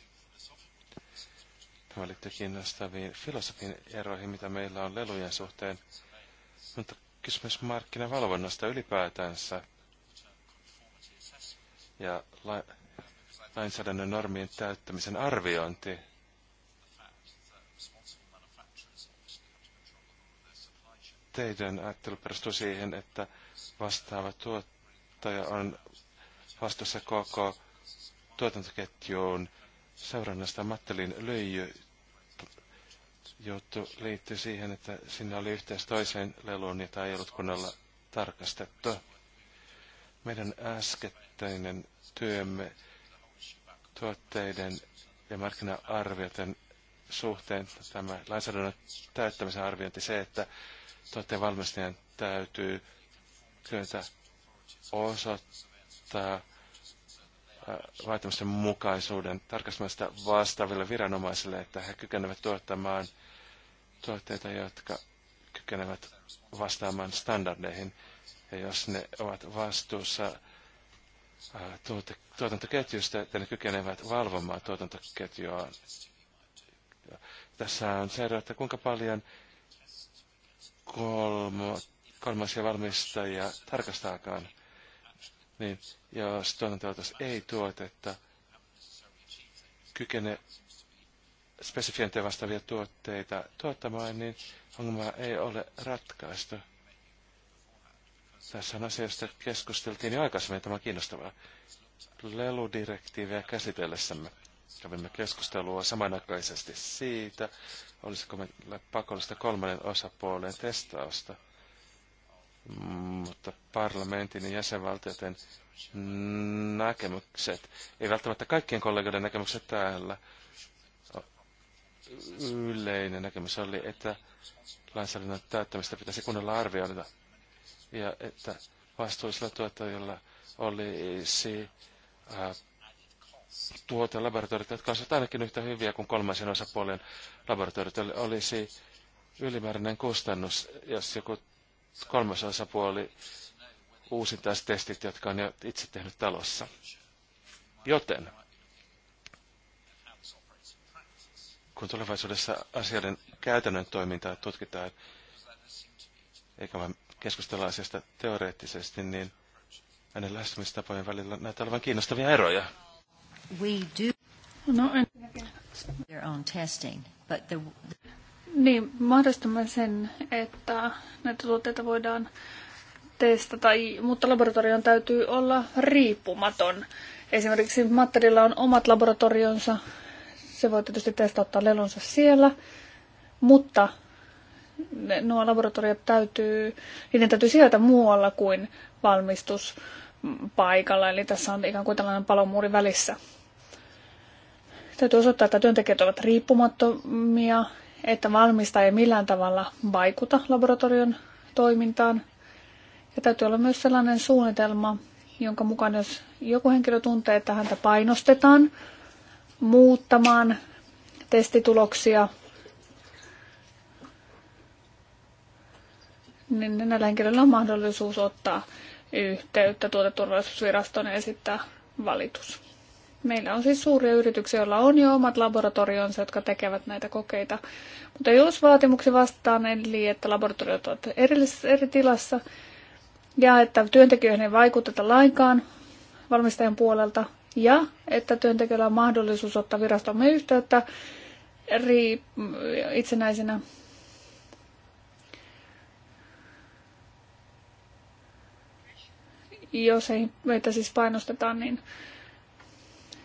Tämä liittyy kiinnostaviin filosofin eroihin, mitä meillä on lelujen suhteen. Mutta kysymys markkinavalvonnasta ylipäätänsä ja la, lainsäädännön normien täyttämisen arviointi. Teidän ajattelu perustuu siihen, että vastaava tuottaja on vastuussa koko tuotantoketjuun seurannasta Mattelin löijy juttu liittyy siihen, että sinne oli yhteys toiseen leluun, jota ei ollut kunnolla tarkastettu. Meidän äskettäinen työmme tuotteiden ja markkina-arvioiden suhteen tämä lainsäädännön täyttämisen arviointi se, että tuotteen valmistajan täytyy kyetä osoittaa äh, vaatimusten mukaisuuden tarkastamista vastaaville viranomaisille, että he kykenevät tuottamaan – tuotteita, jotka kykenevät vastaamaan standardeihin. Ja jos ne ovat vastuussa tuotantoketjusta, että ne kykenevät valvomaan tuotantoketjua. Tässä on se ero, että kuinka paljon kolmo, kolmasia valmistajia tarkastaakaan. Niin jos tuotantoautos ei tuotetta kykene spesifiointia vastaavia tuotteita tuottamaan, niin ongelma ei ole ratkaistu. Tässä on josta keskusteltiin jo aikaisemmin, tämä on kiinnostavaa. Leludirektiiviä käsitellessämme kävimme keskustelua samanaikaisesti siitä, olisiko meillä pakollista kolmannen osapuolen testausta. Mutta parlamentin ja jäsenvaltioiden näkemykset, ei välttämättä kaikkien kollegoiden näkemykset täällä, yleinen näkemys oli, että lainsäädännön täyttämistä pitäisi kunnolla arvioida ja että vastuullisilla tuottajilla olisi äh, tuotelaboratoriot, jotka olisivat ainakin yhtä hyviä kuin kolmansien osapuolen laboratoriot. Olisi ylimääräinen kustannus, jos joku kolmas osapuoli uusintaisi testit, jotka on jo itse tehnyt talossa. Joten kun tulevaisuudessa asioiden käytännön toimintaa tutkitaan, eikä vain keskustella asiasta teoreettisesti, niin hänen lähestymistapojen välillä näyttää olevan kiinnostavia eroja. We do. No, en... Their own testing, but the... Niin, mahdollistamme sen, että näitä tuotteita voidaan testata, mutta laboratorion täytyy olla riippumaton. Esimerkiksi Matterilla on omat laboratorionsa, se voi tietysti testauttaa lelunsa siellä, mutta nuo laboratoriot täytyy, niiden täytyy sijaita muualla kuin valmistuspaikalla, eli tässä on ikään kuin tällainen palomuuri välissä. Täytyy osoittaa, että työntekijät ovat riippumattomia, että valmistaja ei millään tavalla vaikuta laboratorion toimintaan. Ja täytyy olla myös sellainen suunnitelma, jonka mukaan jos joku henkilö tuntee, että häntä painostetaan, muuttamaan testituloksia, niin näillä henkilöillä on mahdollisuus ottaa yhteyttä tuoteturvallisuusvirastoon ja esittää valitus. Meillä on siis suuria yrityksiä, joilla on jo omat laboratorionsa, jotka tekevät näitä kokeita. Mutta jos vaatimuksi vastaan, niin eli että laboratoriot ovat erillisessä eri tilassa ja että työntekijöihin ei vaikuteta lainkaan valmistajan puolelta, ja että työntekijöillä on mahdollisuus ottaa virastomme yhteyttä ri- itsenäisenä jos ei, meitä siis painostetaan, niin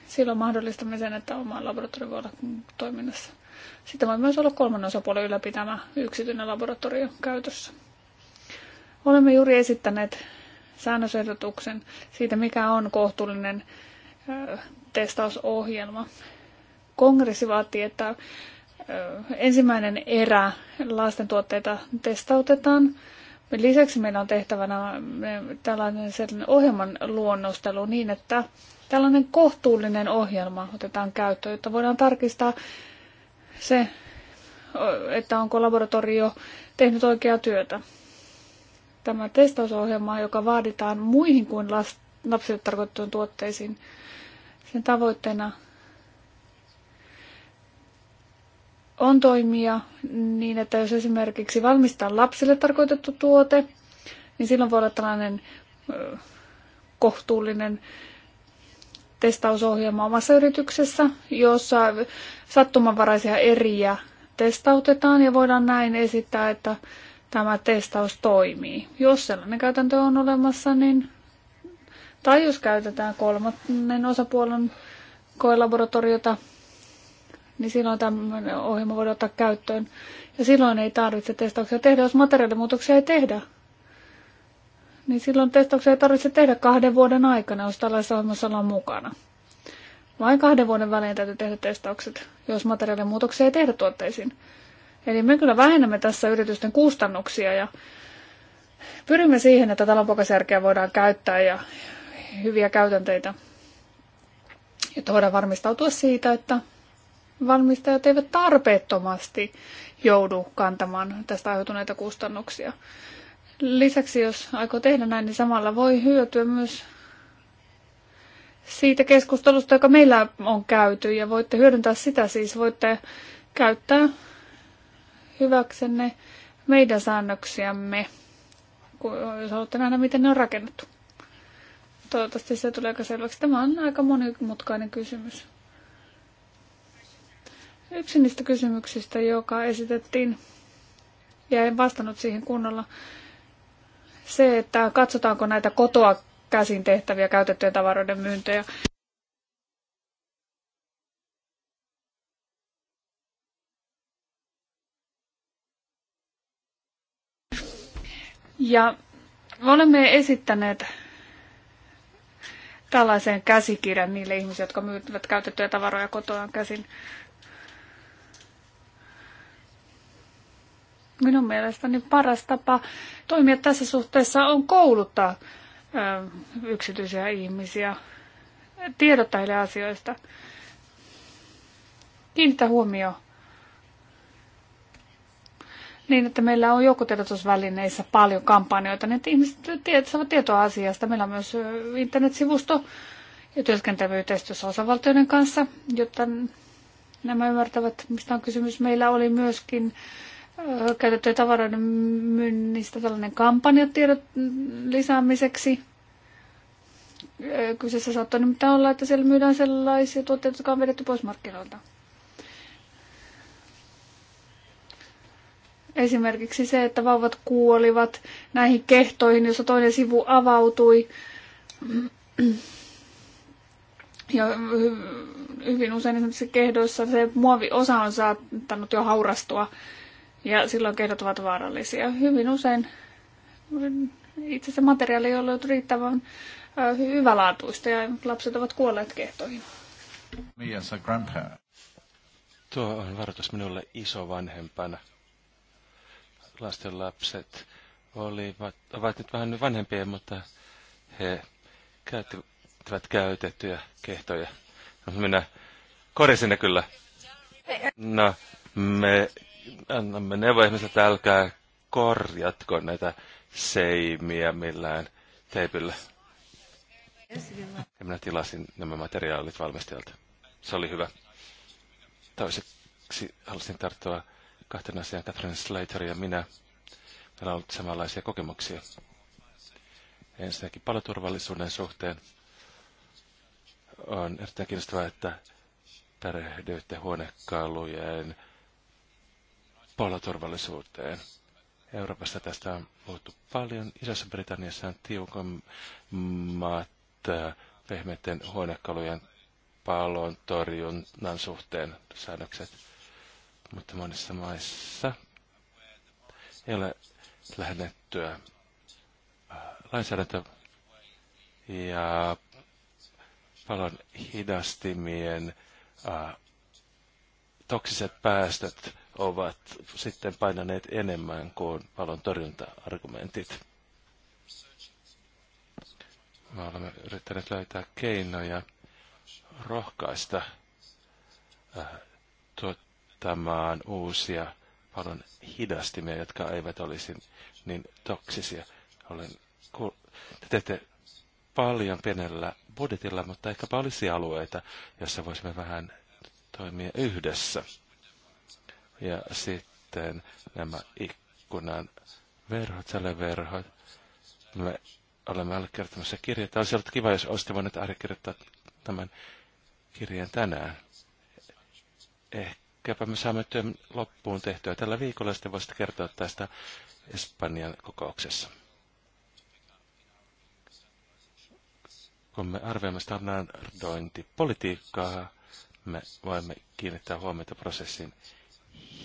silloin mahdollistamme sen, että oma laboratorio voi olla toiminnassa. Sitten voi myös olla kolmannen osapuolen ylläpitämä yksityinen laboratorio käytössä. Olemme juuri esittäneet säännösehdotuksen siitä, mikä on kohtuullinen testausohjelma. Kongressi vaatii, että ensimmäinen erä lasten tuotteita testautetaan. Lisäksi meillä on tehtävänä tällainen sellainen ohjelman luonnostelu niin, että tällainen kohtuullinen ohjelma otetaan käyttöön, jotta voidaan tarkistaa se, että onko laboratorio tehnyt oikeaa työtä. Tämä testausohjelma, joka vaaditaan muihin kuin lapsille tarkoitettuun tuotteisiin, sen tavoitteena on toimia niin, että jos esimerkiksi valmistaa lapsille tarkoitettu tuote, niin silloin voi olla tällainen kohtuullinen testausohjelma omassa yrityksessä, jossa sattumanvaraisia eriä testautetaan ja voidaan näin esittää, että tämä testaus toimii. Jos sellainen käytäntö on olemassa, niin tai jos käytetään kolmannen osapuolen koelaboratoriota, niin silloin tämmöinen ohjelma voidaan ottaa käyttöön. Ja silloin ei tarvitse testauksia tehdä, jos materiaalimuutoksia ei tehdä. Niin silloin testauksia ei tarvitse tehdä kahden vuoden aikana, jos tällaisessa ohjelmassa ollaan mukana. Vain kahden vuoden välein täytyy tehdä testaukset, jos materiaalimuutoksia ei tehdä tuotteisiin. Eli me kyllä vähennämme tässä yritysten kustannuksia ja pyrimme siihen, että talonpokasjärkeä voidaan käyttää ja hyviä käytänteitä, jotta voidaan varmistautua siitä, että valmistajat eivät tarpeettomasti joudu kantamaan tästä aiheutuneita kustannuksia. Lisäksi, jos aikoo tehdä näin, niin samalla voi hyötyä myös siitä keskustelusta, joka meillä on käyty, ja voitte hyödyntää sitä siis, voitte käyttää hyväksenne meidän säännöksiämme, jos haluatte nähdä, miten ne on rakennettu. Toivottavasti se tulee aika selväksi. Tämä on aika monimutkainen kysymys. Yksi niistä kysymyksistä, joka esitettiin, ja en vastannut siihen kunnolla, se, että katsotaanko näitä kotoa käsin tehtäviä käytettyjen tavaroiden myyntejä. Ja olemme esittäneet tällaiseen käsikirjan niille ihmisille, jotka myyvät käytettyjä tavaroja kotoaan käsin. Minun mielestäni paras tapa toimia tässä suhteessa on kouluttaa ö, yksityisiä ihmisiä, tiedottaa heille asioista. kiinnittää huomioon niin, että meillä on joukkotiedotusvälineissä paljon kampanjoita, niin että ihmiset saavat tietoa asiasta. Meillä on myös internetsivusto ja työskentelyyhteistyössä osavaltioiden kanssa, jotta nämä ymmärtävät, mistä on kysymys. Meillä oli myöskin käytettyjen tavaroiden myynnistä tällainen kampanja lisäämiseksi. Kyseessä saattoi nimittäin olla, että siellä myydään sellaisia tuotteita, jotka on vedetty pois markkinoilta. Esimerkiksi se, että vauvat kuolivat näihin kehtoihin, jossa toinen sivu avautui. Ja hyvin usein esimerkiksi kehdoissa se muoviosa on saattanut jo haurastua ja silloin kehdot ovat vaarallisia. Hyvin usein itse se materiaali ei ollut riittävän hyvälaatuista ja lapset ovat kuolleet kehtoihin. Me as a grandparent. Tuo on varoitus minulle isovanhempana lasten lapset olivat, ovat nyt vähän vanhempia, mutta he käyttivät käytettyjä kehtoja. Minä korisin ne kyllä. No, me annamme neuvoa ihmisille, että älkää korjatko näitä seimiä millään teipillä. Ja minä tilasin nämä materiaalit valmistajalta. Se oli hyvä. Toiseksi halusin tarttua kahteen asiaan Catherine Slater ja minä. Meillä on ollut samanlaisia kokemuksia. Ensinnäkin paloturvallisuuden suhteen on erittäin kiinnostavaa, että perehdyitte huonekalujen paloturvallisuuteen. Euroopassa tästä on puhuttu paljon. Isossa Britanniassa on tiukommat äh, pehmeiden huonekalujen palon torjunnan suhteen säännökset mutta monissa maissa ei ole lähennettyä äh, lainsäädäntö ja paljon hidastimien äh, toksiset päästöt ovat sitten painaneet enemmän kuin palon torjunta-argumentit. Me olemme yrittäneet löytää keinoja rohkaista äh, tuot tuottamaan uusia paljon hidastimia, jotka eivät olisi niin toksisia. Olen kuul... Te teette paljon pienellä budjetilla, mutta ehkäpä olisi alueita, joissa voisimme vähän toimia yhdessä. Ja sitten nämä ikkunan verhot, verhot. Me olemme allekirjoittamassa kirjaa. Olisi ollut kiva, jos olisitte voineet allekirjoittaa tämän kirjan tänään. Ehkä ehkäpä me saamme työn loppuun tehtyä tällä viikolla, sitten voisitte kertoa tästä Espanjan kokouksessa. Kun me arvioimme standardointipolitiikkaa, me voimme kiinnittää huomiota prosessin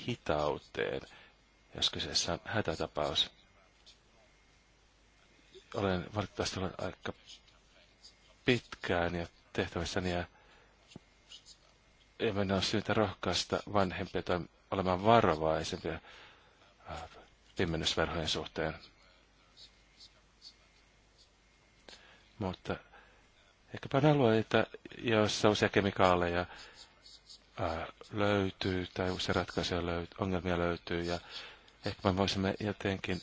hitauteen, jos kyseessä on hätätapaus. Olen valitettavasti ollut aika pitkään ja tehtävissäni ja ja meidän on syytä rohkaista vanhempia olemaan varovaisempia äh, pimennysverhojen suhteen. Mutta ehkäpä on alueita, joissa uusia kemikaaleja äh, löytyy tai uusia ratkaisuja löytyy, ongelmia löytyy ja ehkä me voisimme jotenkin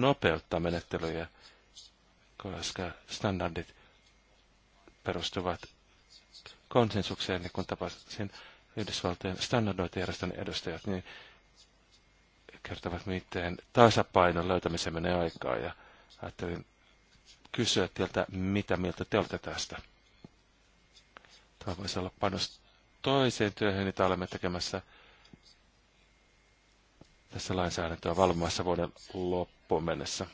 nopeuttaa menettelyjä, koska standardit perustuvat konsensukseen, niin kun tapasin Yhdysvaltojen standardointijärjestön edustajat, niin kertovat, miten tasapainon löytämiseen menee aikaa. Ja ajattelin kysyä teiltä, mitä mieltä te olette tästä. Tämä voisi olla panos toiseen työhön, mitä olemme tekemässä tässä lainsäädäntöä valvomassa vuoden loppuun mennessä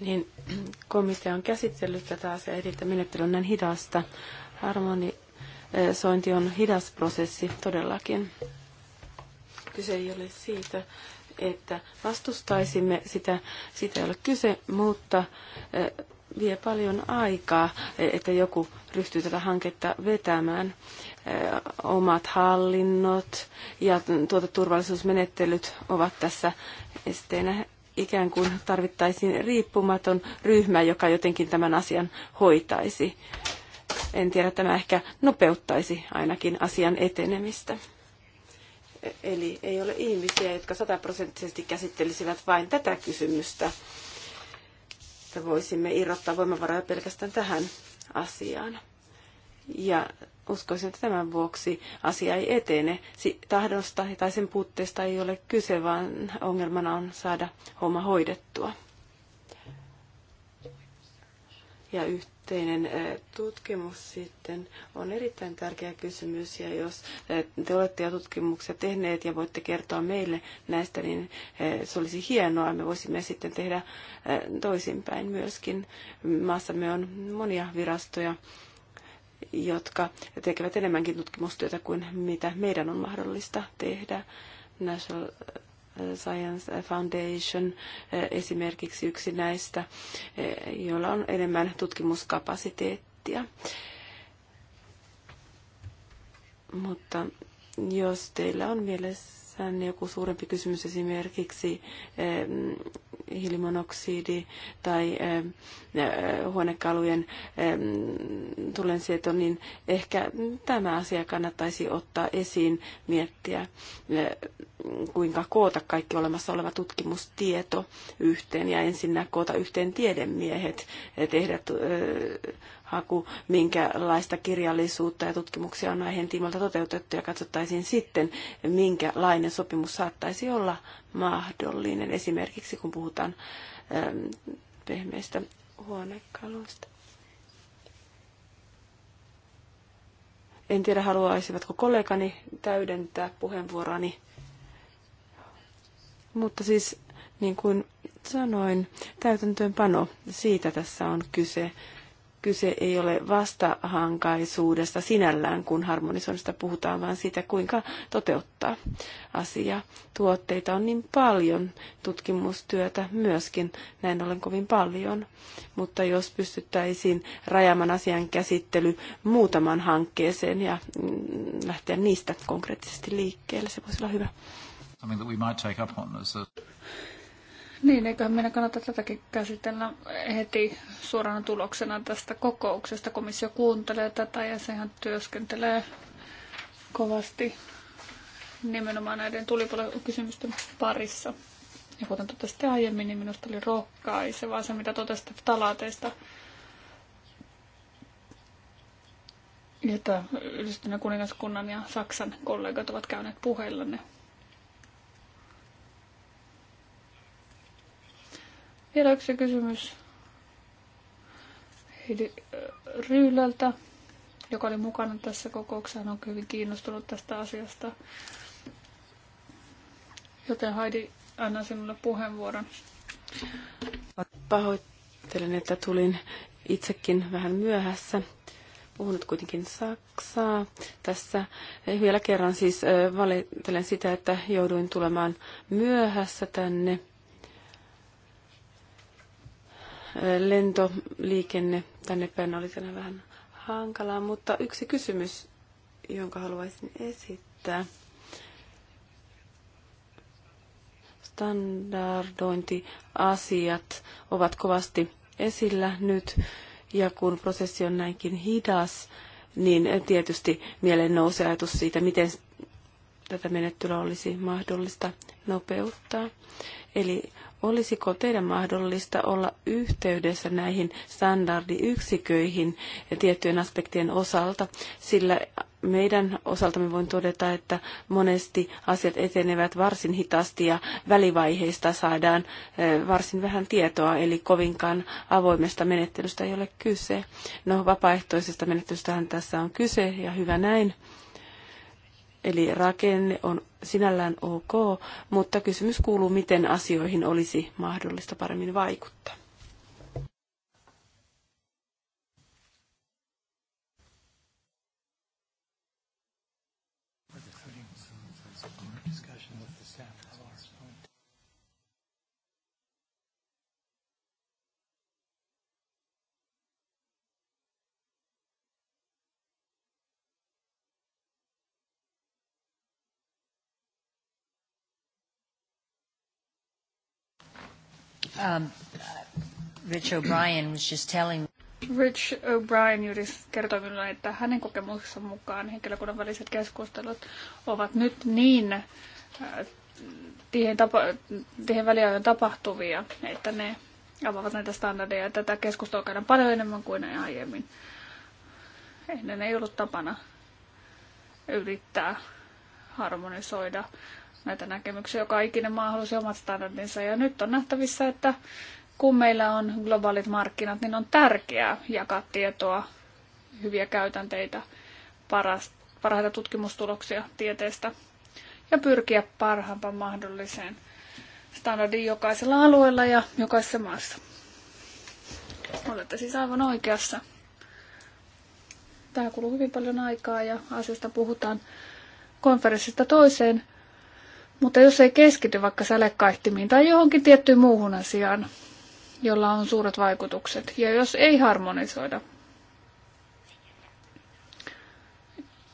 niin [clears throat] komitea on käsitellyt tätä asiaa, eli että menettely on näin hidasta. Harmonisointi on hidas prosessi todellakin. Kyse ei ole siitä, että vastustaisimme sitä, sitä ei ole kyse, mutta eh, vie paljon aikaa, eh, että joku ryhtyy tätä hanketta vetämään. Eh, omat hallinnot ja turvallisuusmenettelyt ovat tässä esteenä ikään kuin tarvittaisiin riippumaton ryhmä, joka jotenkin tämän asian hoitaisi. En tiedä, tämä ehkä nopeuttaisi ainakin asian etenemistä. Eli ei ole ihmisiä, jotka sataprosenttisesti käsittelisivät vain tätä kysymystä, että voisimme irrottaa voimavaroja pelkästään tähän asiaan. Ja uskoisin, että tämän vuoksi asia ei etene. Tahdosta tai sen puutteesta ei ole kyse, vaan ongelmana on saada homma hoidettua. Ja yhteinen tutkimus sitten on erittäin tärkeä kysymys, ja jos te olette jo tutkimuksia tehneet ja voitte kertoa meille näistä, niin se olisi hienoa. Me voisimme sitten tehdä toisinpäin myöskin. Maassamme on monia virastoja, jotka tekevät enemmänkin tutkimustyötä kuin mitä meidän on mahdollista tehdä. National Science Foundation eh, esimerkiksi yksi näistä, eh, joilla on enemmän tutkimuskapasiteettia. Mutta jos teillä on mielessä joku suurempi kysymys esimerkiksi eh, hiilimonoksidi tai eh, eh, huonekalujen eh, tulensieto, niin ehkä tämä asia kannattaisi ottaa esiin, miettiä kuinka koota kaikki olemassa oleva tutkimustieto yhteen ja ensinnä koota yhteen tiedemiehet, tehdä haku, minkälaista kirjallisuutta ja tutkimuksia on aiheen tiimoilta toteutettu ja katsottaisiin sitten, minkälainen sopimus saattaisi olla mahdollinen, esimerkiksi kun puhutaan ähm, pehmeistä huonekaluista. En tiedä, haluaisivatko kollegani täydentää puheenvuoroni. Mutta siis, niin kuin sanoin, täytäntöönpano, siitä tässä on kyse kyse ei ole vastahankaisuudesta sinällään, kun harmonisoinnista puhutaan, vaan siitä, kuinka toteuttaa asia. Tuotteita on niin paljon, tutkimustyötä myöskin, näin ollen kovin paljon. Mutta jos pystyttäisiin rajaman asian käsittely muutaman hankkeeseen ja mm, lähteä niistä konkreettisesti liikkeelle, se voisi olla hyvä. Niin, eiköhän meidän kannata tätäkin käsitellä heti suorana tuloksena tästä kokouksesta. Komissio kuuntelee tätä ja sehän työskentelee kovasti nimenomaan näiden tulipalokysymysten parissa. Ja kuten totesitte aiemmin, niin minusta oli rohkaisevaa se, mitä totesitte talateista, Että yhdistyneen kuningaskunnan ja Saksan kollegat ovat käyneet puheillanne Vielä yksi kysymys Heidi äh, Ryylältä, joka oli mukana tässä kokouksessa. Hän on hyvin kiinnostunut tästä asiasta. Joten Heidi, annan sinulle puheenvuoron. Pahoittelen, että tulin itsekin vähän myöhässä nyt kuitenkin Saksaa. Tässä eh, vielä kerran siis eh, valitelen sitä, että jouduin tulemaan myöhässä tänne lentoliikenne tänne päin oli tänään vähän hankalaa, mutta yksi kysymys, jonka haluaisin esittää. Standardointiasiat ovat kovasti esillä nyt, ja kun prosessi on näinkin hidas, niin tietysti mieleen nousee ajatus siitä, miten tätä menettelyä olisi mahdollista nopeuttaa. Eli Olisiko teidän mahdollista olla yhteydessä näihin standardiyksiköihin ja tiettyjen aspektien osalta, sillä meidän osaltamme voin todeta, että monesti asiat etenevät varsin hitaasti ja välivaiheista saadaan eh, varsin vähän tietoa, eli kovinkaan avoimesta menettelystä ei ole kyse. No, vapaaehtoisesta menettelystähän tässä on kyse ja hyvä näin. Eli rakenne on sinällään ok, mutta kysymys kuuluu, miten asioihin olisi mahdollista paremmin vaikuttaa. Um, Rich O'Brien was just telling Rich O'Brien juuri kertoi minulle, että hänen kokemuksensa mukaan henkilökunnan väliset keskustelut ovat nyt niin äh, tiehen, tapa, väliajoin tapahtuvia, että ne avaavat näitä standardeja. Tätä keskustelua käydään paljon enemmän kuin aiemmin. Ennen ei ollut tapana yrittää harmonisoida näitä näkemyksiä. Joka ikinen maa halusi omat standardinsa ja nyt on nähtävissä, että kun meillä on globaalit markkinat, niin on tärkeää jakaa tietoa, hyviä käytänteitä, paras, parhaita tutkimustuloksia tieteestä ja pyrkiä parhaampaan mahdolliseen standardiin jokaisella alueella ja jokaisessa maassa. Olette siis aivan oikeassa. Tähän kuluu hyvin paljon aikaa ja asiasta puhutaan konferenssista toiseen. Mutta jos ei keskity vaikka sälekaihtimiin tai johonkin tiettyyn muuhun asiaan, jolla on suuret vaikutukset, ja jos ei harmonisoida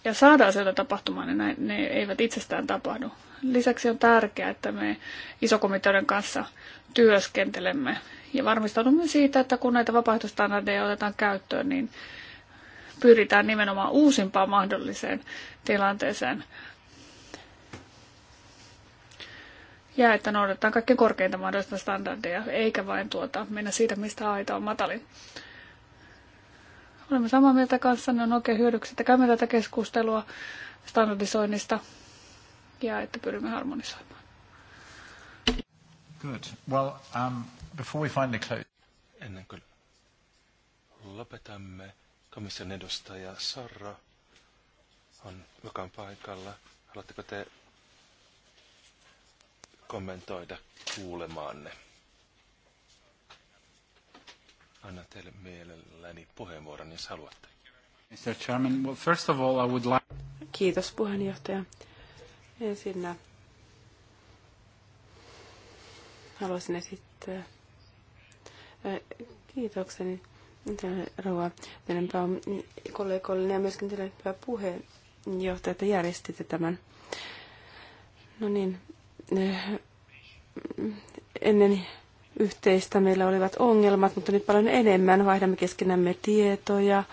ja saada asioita tapahtumaan, niin ne, ne eivät itsestään tapahdu. Lisäksi on tärkeää, että me isokomiteoiden kanssa työskentelemme ja varmistaudumme siitä, että kun näitä vapaaehtoistandardeja otetaan käyttöön, niin pyritään nimenomaan uusimpaan mahdolliseen tilanteeseen. ja että noudatetaan kaikkein korkeinta mahdollista standardeja, eikä vain tuota, mennä siitä, mistä aita on matalin. Olemme samaa mieltä kanssa, ne on oikein hyödyksi, että käymme tätä keskustelua standardisoinnista ja että pyrimme harmonisoimaan. Good. Well, um, before we finally close... Ennen kuin lopetamme, komission edustaja Sarra, on, joka on paikalla. Haluatteko te kommentoida kuulemaanne. Anna teille mielelläni puheenvuoron, jos haluatte. Mr. Chairman, well, first of all, I would like... Kiitos puheenjohtaja. Ensinnä haluaisin esittää äh, kiitokseni teille rouva kollegoille ja myöskin teille puheenjohtaja, että järjestitte tämän. No niin, ennen yhteistä meillä olivat ongelmat, mutta nyt paljon enemmän vaihdamme keskenämme tietoja.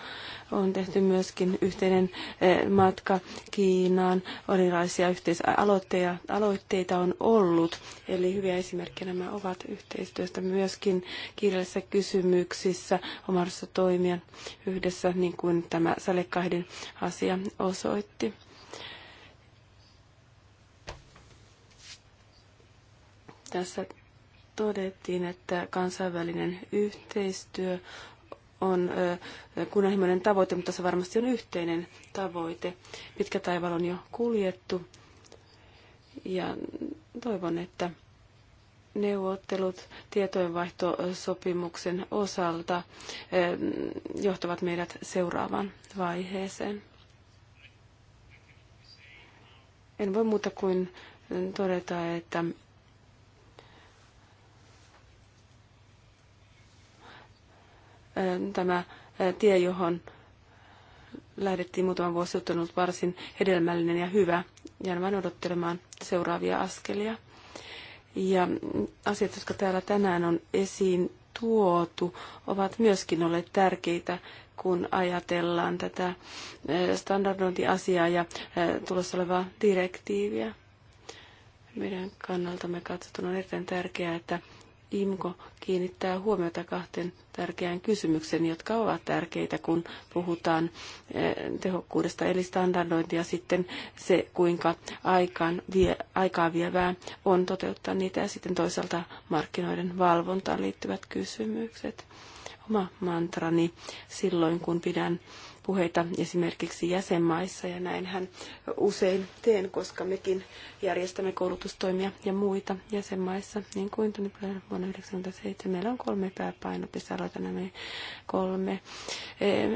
On tehty myöskin yhteinen eh, matka Kiinaan, erilaisia yhteisaloitteita aloitteita on ollut. Eli hyviä esimerkkejä nämä ovat yhteistyöstä myöskin kirjallisissa kysymyksissä, omassa toimia yhdessä, niin kuin tämä Salekahdin asia osoitti. tässä todettiin, että kansainvälinen yhteistyö on kunnianhimoinen tavoite, mutta se varmasti on yhteinen tavoite. Pitkä taival on jo kuljettu ja toivon, että neuvottelut tietojenvaihtosopimuksen osalta johtavat meidät seuraavaan vaiheeseen. En voi muuta kuin todeta, että tämä tie, johon lähdettiin muutaman vuosi sitten, on ollut varsin hedelmällinen ja hyvä. Jään vain odottelemaan seuraavia askelia. Ja asiat, jotka täällä tänään on esiin tuotu, ovat myöskin olleet tärkeitä, kun ajatellaan tätä standardointiasiaa ja tulossa olevaa direktiiviä. Meidän kannaltamme katsottuna on erittäin tärkeää, että IMKO kiinnittää huomiota kahteen tärkeään kysymykseen, jotka ovat tärkeitä, kun puhutaan eh, tehokkuudesta, eli standardointi ja sitten se, kuinka aikaan vie, aikaa vievää on toteuttaa niitä ja sitten toisaalta markkinoiden valvontaan liittyvät kysymykset. Oma mantrani silloin, kun pidän puheita esimerkiksi jäsenmaissa ja näinhän usein teen, koska mekin järjestämme koulutustoimia ja muita jäsenmaissa, niin kuin tuli vuonna 1997. Meillä on kolme pääpainopistealueita, nämä kolme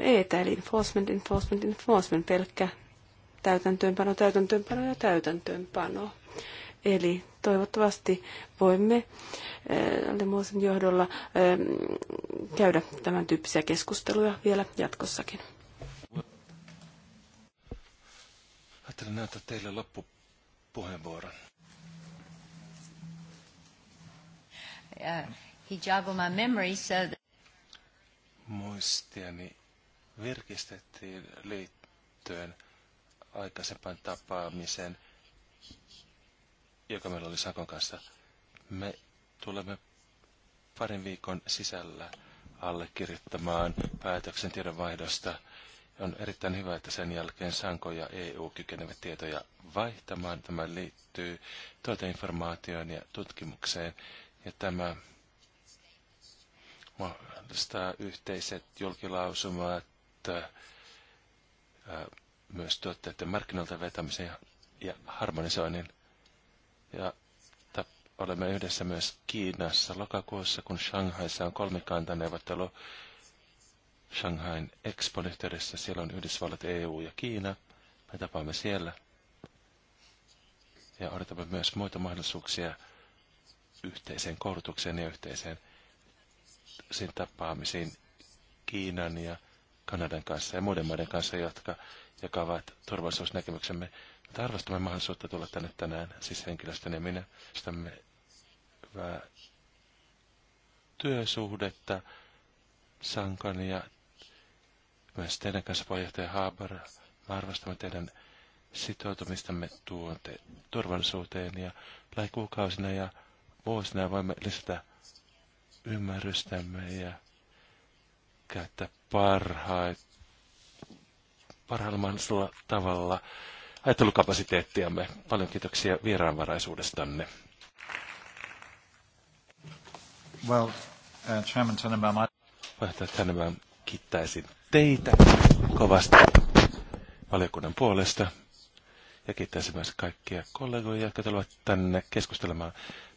eetä, eh, eli enforcement, enforcement, enforcement, pelkkä täytäntöönpano, täytäntöönpano ja täytäntöönpano. Eli toivottavasti voimme eh, Lemuosin johdolla eh, käydä tämän tyyppisiä keskusteluja vielä jatkossakin. ajattelin antaa teille loppupuheenvuoron. Uh, jog my memory, so that... Muistiani virkistettiin liittyen aikaisempaan tapaamiseen, joka meillä oli Sakon kanssa. Me tulemme parin viikon sisällä allekirjoittamaan päätöksen tiedonvaihdosta on erittäin hyvä, että sen jälkeen Sanko ja EU kykenevät tietoja vaihtamaan. Tämä liittyy tuoteinformaatioon ja tutkimukseen. Ja tämä mahdollistaa yhteiset julkilausumat äh, myös tuotteiden markkinoilta vetämisen ja harmonisoinnin. Ja olemme yhdessä myös Kiinassa lokakuussa, kun Shanghaissa on kolmikantaneuvottelu neuvottelu Shanghain expo yhteydessä. Siellä on Yhdysvallat, EU ja Kiina. Me tapaamme siellä. Ja odotamme myös muita mahdollisuuksia yhteiseen koulutukseen ja yhteiseen sen tapaamisiin Kiinan ja Kanadan kanssa ja muiden maiden kanssa, jotka jakavat turvallisuusnäkemyksemme. Mutta arvostamme mahdollisuutta tulla tänne tänään, siis henkilöstön ja minä, sitämme työsuhdetta Sankan ja myös teidän kanssa puheenjohtaja Haber, me arvostamme teidän sitoutumistamme tuonte turvallisuuteen ja lähikuukausina ja vuosina voimme lisätä ymmärrystämme ja käyttää parhaita parhaalla mahdollisella tavalla ajattelukapasiteettiamme. Paljon kiitoksia vieraanvaraisuudestanne. Well, uh, Chairman Tannenbaum, I... Puheenjohtaja Tannenbaum, kiittäisin teitä kovasti valiokunnan puolesta ja kiittäisin myös kaikkia kollegoja, jotka tulevat tänne keskustelemaan.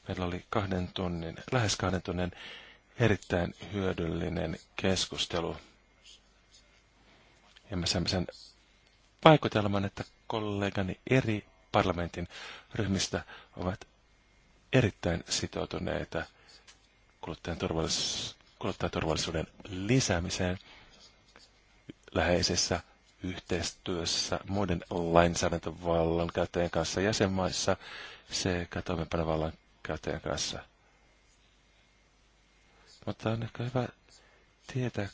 Meillä oli kahden tunnin, lähes kahden tunnin erittäin hyödyllinen keskustelu. Ja mä saimme sen vaikutelman, että kollegani eri parlamentin ryhmistä ovat erittäin sitoutuneita kuluttajaturvallisuuden lisäämiseen – läheisessä yhteistyössä muiden lainsäädäntövallan käyttäjien kanssa jäsenmaissa sekä toimenpanovallan käyttäjien kanssa. Mutta on ehkä hyvä tietää,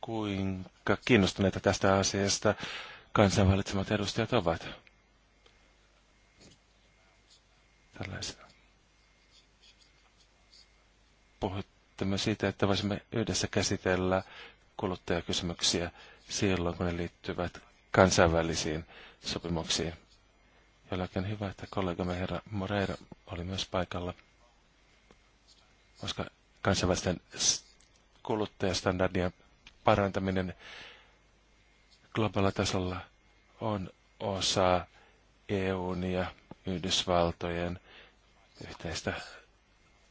kuinka kiinnostuneita tästä asiasta kansainväliset edustajat ovat. Tällaisena. Puhuttamme siitä, että voisimme yhdessä käsitellä kuluttajakysymyksiä silloin, kun ne liittyvät kansainvälisiin sopimuksiin. Jollakin hyvä, että kollegamme herra Moreira oli myös paikalla, koska kansainvälisten kuluttajastandardien parantaminen globaalilla tasolla on osa EUn ja Yhdysvaltojen yhteistä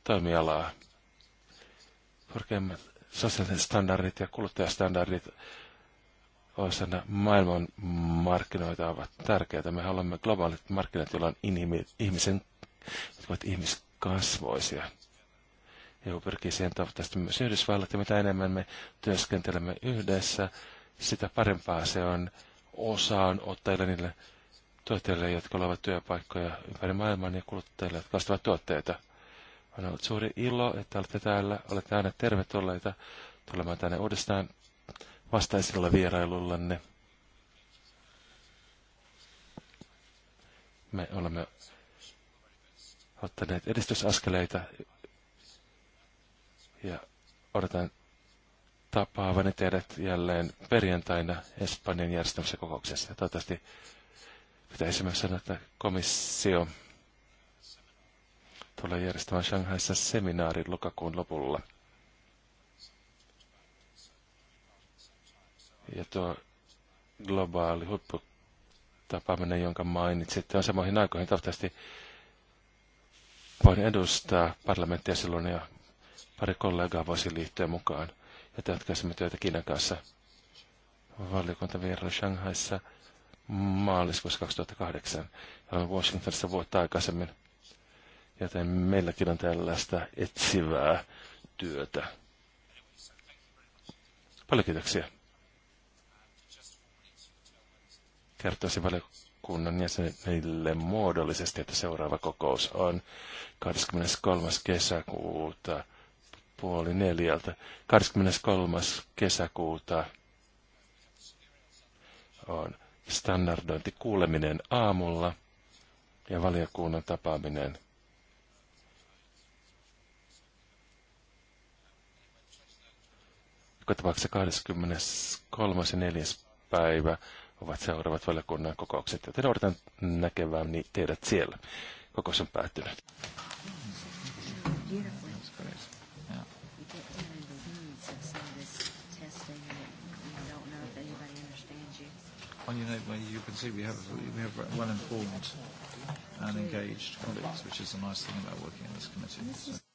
toimialaa. Korkeimmat sosiaaliset standardit ja kuluttajastandardit osana maailman markkinoita ovat tärkeitä. Me haluamme globaalit markkinat, joilla on inhimi, ihmisen, jotka ovat ihmiskasvoisia. EU pyrkii siihen toivottavasti myös Yhdysvallat, ja mitä enemmän me työskentelemme yhdessä, sitä parempaa se on osaan ottajille niille tuotteille, jotka luovat työpaikkoja ympäri maailman ja kuluttajille, jotka ostavat tuotteita. On ollut suuri ilo, että olette täällä. Olette aina tervetulleita tulemaan tänne uudestaan vastaisilla vierailullanne. Me olemme ottaneet edistysaskeleita ja odotan tapaavani teidät jälleen perjantaina Espanjan järjestämisessä kokouksessa. Toivottavasti pitäisi myös sanoa, että komissio tulee järjestämään Shanghaissa seminaarin lokakuun lopulla. Ja tuo globaali huipputapaaminen, jonka mainitsitte, on samoihin aikoihin. Toivottavasti voin edustaa parlamenttia silloin ja pari kollegaa voisi liittyä mukaan. Ja jatkaisimme työtä Kiinan kanssa. Valiokuntavierailu Shanghaissa maaliskuussa 2008 ja olen Washingtonissa vuotta aikaisemmin joten meilläkin on tällaista etsivää työtä. Paljon kiitoksia. Kertoisin valiokunnan jäsenille muodollisesti, että seuraava kokous on 23. kesäkuuta puoli neljältä. 23. kesäkuuta on standardointi kuuleminen aamulla ja valiokunnan tapaaminen tapauksessa 23. ja 4. päivä ovat seuraavat valiokunnan kokoukset, joten odotan näkevään niin teidät siellä. Kokous on päättynyt. on your note you can see we have we have well informed and engaged colleagues, which is a nice thing about working in this committee. So.